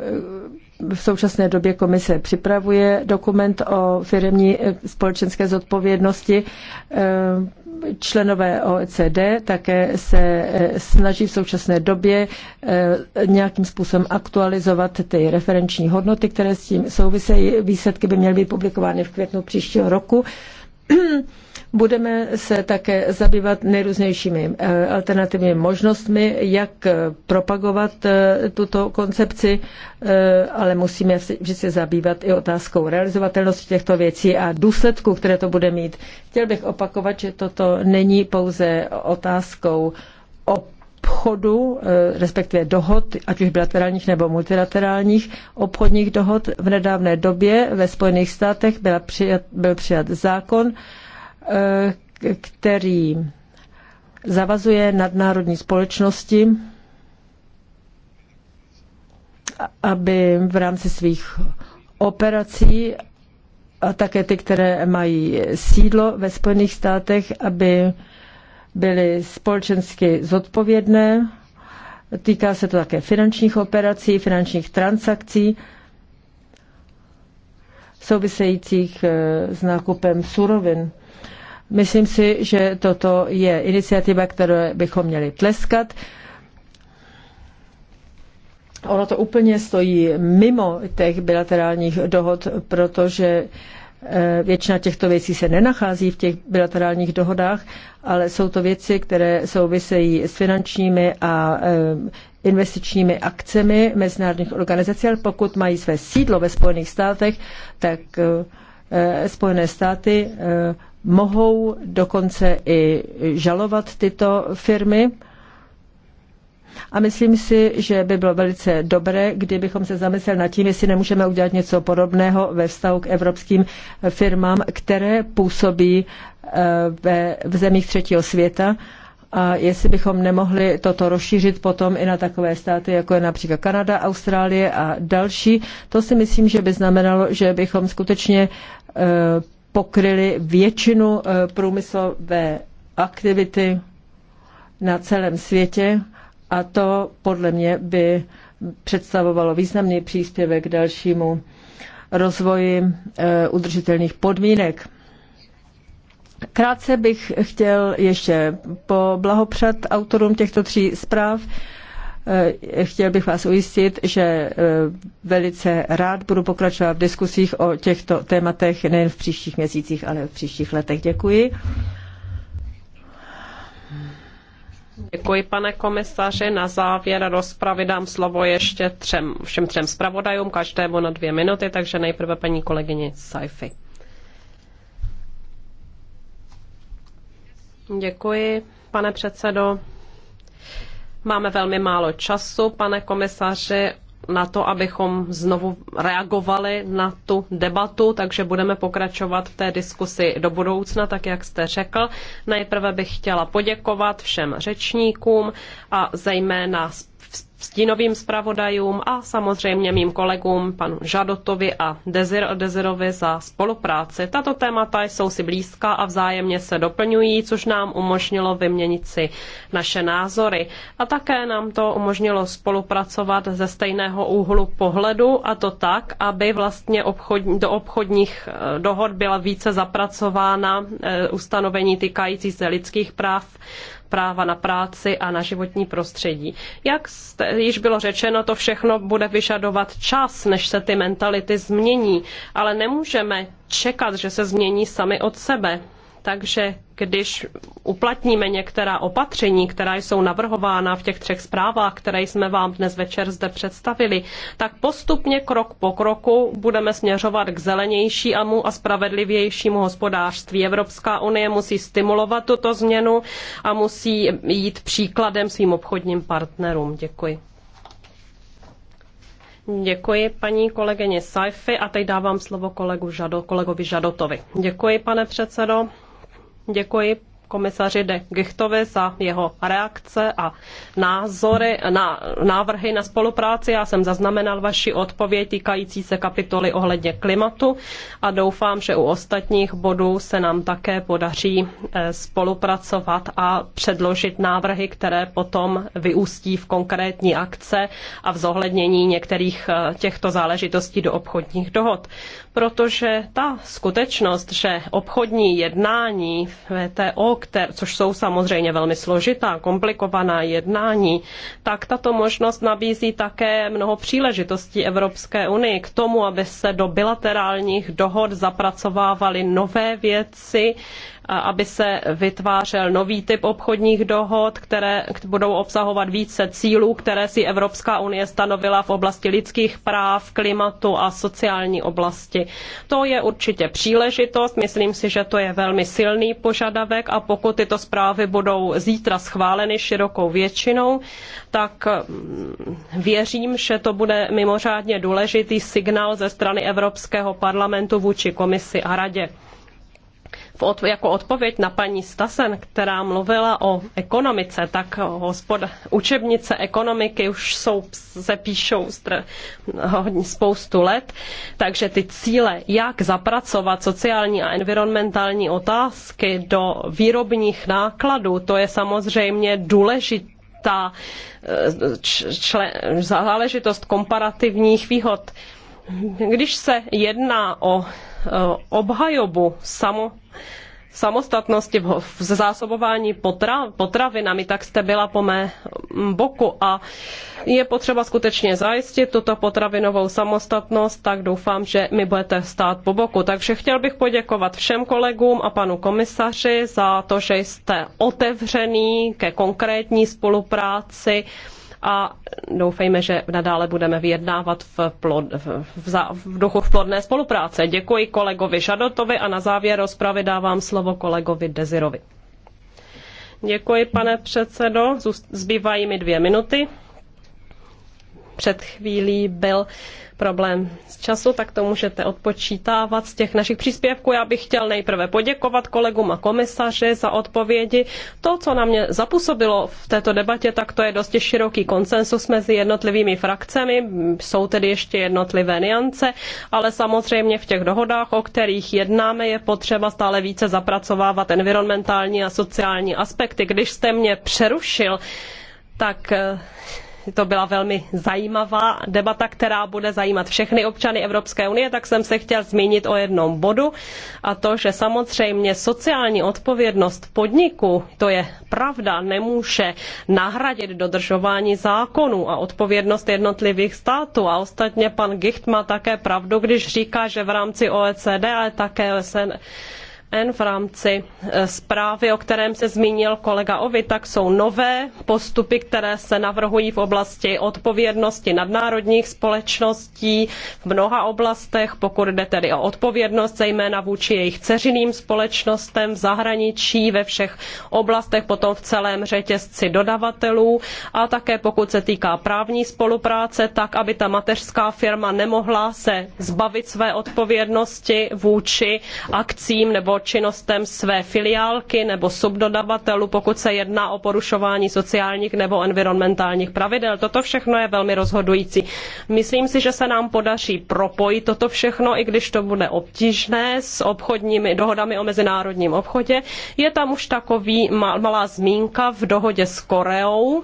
v současné době komise připravuje dokument o firmní eh, společenské zodpovědnosti. Ehm, členové OECD také se eh, snaží v současné době nějakým způsobem aktualizovat ty referenční hodnoty, které s tím souvisejí. Výsledky by měly být publikovány v květnu příštího roku. Budeme se také zabývat nejrůznějšími eh, alternativními možnostmi, jak eh, propagovat eh, tuto koncepci, ale musíme vždy se zabývat i otázkou realizovatelnosti těchto věcí a důsledků, které to bude mít. Chtěl bych opakovat, že toto není pouze otázkou o obchodu, eh, respektive dohod, ať už bilaterálních nebo multilaterálních obchodních dohod. V nedávné době ve Spojených státech byl přijat, byl přijat zákon, eh, který zavazuje nadnárodní společnosti, aby v rámci svých operací a také ty, které mají sídlo ve Spojených státech, aby byly společensky zodpovědné. Týká se to také finančních operací, finančních transakcí souvisejících eh, s nákupem surovin. Myslím si, že toto je iniciativa, kterou bychom měli tleskat. Ono to úplně stojí mimo těch bilaterálních dohod, protože Eh, většina těchto věcí se nenachází v těch bilaterálních dohodách, ale jsou to věci, které souvisejí s finančními a eh, investičními akcemi mezinárodních organizací, ale pokud mají své sídlo ve Spojených státech, tak eh, Spojené státy mohou dokonce i žalovat tyto firmy. A myslím si, že by bylo velice dobré, kdybychom se zamysleli nad tím, jestli nemůžeme udělat něco podobného ve vztahu k evropským firmám, které působí eh, ve, v zemích třetího světa a jestli bychom nemohli toto rozšířit potom i na takové státy, jako je například Kanada, Austrálie a další. To si myslím, že by znamenalo, že bychom skutečně eh, pokryli většinu eh, průmyslové aktivity na celém světě a to podle mě by představovalo významný příspěvek k dalšímu rozvoji eh, udržitelných podmínek. Krátce bych chtěl ještě poblahopřát autorům těchto tří zpráv. Eh, chtěl bych vás ujistit, že eh, velice rád budu pokračovat v diskusích o těchto tématech nejen v příštích měsících, ale v příštích letech. Děkuji. Děkuji, pane komisaři. Na závěr rozpravy dám slovo ještě třem, všem třem zpravodajům, každému na dvě minuty, takže nejprve paní kolegyně Saifi. Děkuji, pane předsedo. Máme velmi málo času, pane komisaři na to, abychom znovu reagovali na tu debatu, takže budeme pokračovat v té diskusi do budoucna, tak jak jste řekl. Nejprve bych chtěla poděkovat všem řečníkům a zejména stínovým zpravodajům a samozřejmě mým kolegům panu Žadotovi a Dezir, Dezirovi za spolupráci. Tato témata jsou si blízká a vzájemně se doplňují, což nám umožnilo vyměnit si naše názory. A také nám to umožnilo spolupracovat ze stejného úhlu pohledu a to tak, aby vlastně obchod, do obchodních eh, dohod byla více zapracována eh, ustanovení týkající se lidských práv, práva na práci a na životní prostředí. Jak jste, již bylo řečeno, to všechno bude vyžadovat čas, než se ty mentality změní, ale nemůžeme čekat, že se změní sami od sebe. Takže když uplatníme některá opatření, která jsou navrhována v těch třech zprávách, které jsme vám dnes večer zde představili, tak postupně krok po kroku budeme směřovat k zelenějšímu a spravedlivějšímu hospodářství. Evropská unie musí stimulovat tuto změnu a musí jít příkladem svým obchodním partnerům. Děkuji. Děkuji paní kolegyně Saifi a teď dávám slovo kolegu Žado, kolegovi Žadotovi. Děkuji, pane předsedo. Děkuji, komisaři de Gichtovi za jeho reakce a názory na návrhy na spolupráci. Já jsem zaznamenal vaši odpověď týkající se kapitoly ohledně klimatu a doufám, že u ostatních bodů se nám také podaří eh, spolupracovat a předložit návrhy, které potom vyústí v konkrétní akce a v zohlednění některých eh, těchto záležitostí do obchodních dohod. Protože ta skutečnost, že obchodní jednání v VTO, což jsou samozřejmě velmi složitá, komplikovaná jednání, tak tato možnost nabízí také mnoho příležitostí Evropské unii k tomu, aby se do bilaterálních dohod zapracovávaly nové věci, aby se vytvářel nový typ obchodních dohod, které budou obsahovat více cílů, které si Evropská unie stanovila v oblasti lidských práv, klimatu a sociální oblasti. To je určitě příležitost, myslím si, že to je velmi silný požadavek a pokud tyto zprávy budou zítra schváleny širokou většinou, tak mm, věřím, že to bude mimořádně důležitý signál ze strany Evropského parlamentu vůči komisi a radě jako odpověď na paní Stasen, která mluvila o ekonomice, tak hospod, učebnice ekonomiky už jsou, se píšou hodně spoustu let, takže ty cíle, jak zapracovat sociální a environmentální otázky do výrobních nákladů, to je samozřejmě důležité ta eh, záležitost komparativních výhod. Když se jedná o Eh, obhajobu samo, samostatnosti v zásobování potra, potravinami, tak jste byla po mé mm, boku a je potřeba skutečně zajistit tuto potravinovou samostatnost, tak doufám, že mi budete stát po boku. Takže chtěl bych poděkovat všem kolegům a panu komisaři za to, že jste otevřený ke konkrétní spolupráci a doufejme, že nadále budeme vyjednávat v, plod, v, v, v duchu v plodné spolupráce. Děkuji kolegovi Šadotovi a na závěr rozpravy dávám slovo kolegovi Dezirovi. Děkuji, pane předsedo. Zbývají mi dvě minuty před chvílí byl problém s času, tak to můžete odpočítávat z těch našich příspěvků. Já bych chtěl nejprve poděkovat kolegům a komisaři za odpovědi. To, co na mě zapůsobilo v této debatě, tak to je dosti široký konsensus mezi jednotlivými frakcemi. Jsou tedy ještě jednotlivé niance, ale samozřejmě v těch dohodách, o kterých jednáme, je potřeba stále více zapracovávat environmentální a sociální aspekty. Když jste mě přerušil, tak eh, to byla velmi zajímavá debata, která bude zajímat všechny občany Evropské unie, tak jsem se chtěl zmínit o jednom bodu a to, že samozřejmě sociální odpovědnost podniku, to je pravda, nemůže nahradit dodržování zákonů a odpovědnost jednotlivých států. A ostatně pan Gicht má také pravdu, když říká, že v rámci OECD, ale také SN, OSN v rámci e, zprávy, o kterém se zmínil kolega Ovi, tak jsou nové postupy, které se navrhují v oblasti odpovědnosti nadnárodních společností v mnoha oblastech, pokud jde tedy o odpovědnost, zejména vůči jejich ceřiným společnostem v zahraničí, ve všech oblastech, potom v celém řetězci dodavatelů a také pokud se týká právní spolupráce, tak aby ta mateřská firma nemohla se zbavit své odpovědnosti vůči akcím nebo činnostem své filiálky nebo subdodavatelů, pokud se jedná o porušování sociálních nebo environmentálních pravidel. Toto všechno je velmi rozhodující. Myslím si, že se nám podaří propojit toto všechno, i když to bude obtížné s obchodními dohodami o mezinárodním obchodě. Je tam už takový malá zmínka v dohodě s Koreou,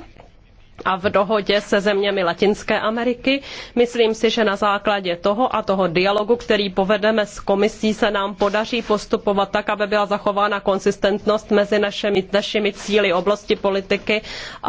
a v dohodě se zeměmi Latinské Ameriky. Myslím si, že na základě toho a toho dialogu, který povedeme s komisí, se nám podaří postupovat tak, aby byla zachována konsistentnost mezi našimi, našimi cíli oblasti politiky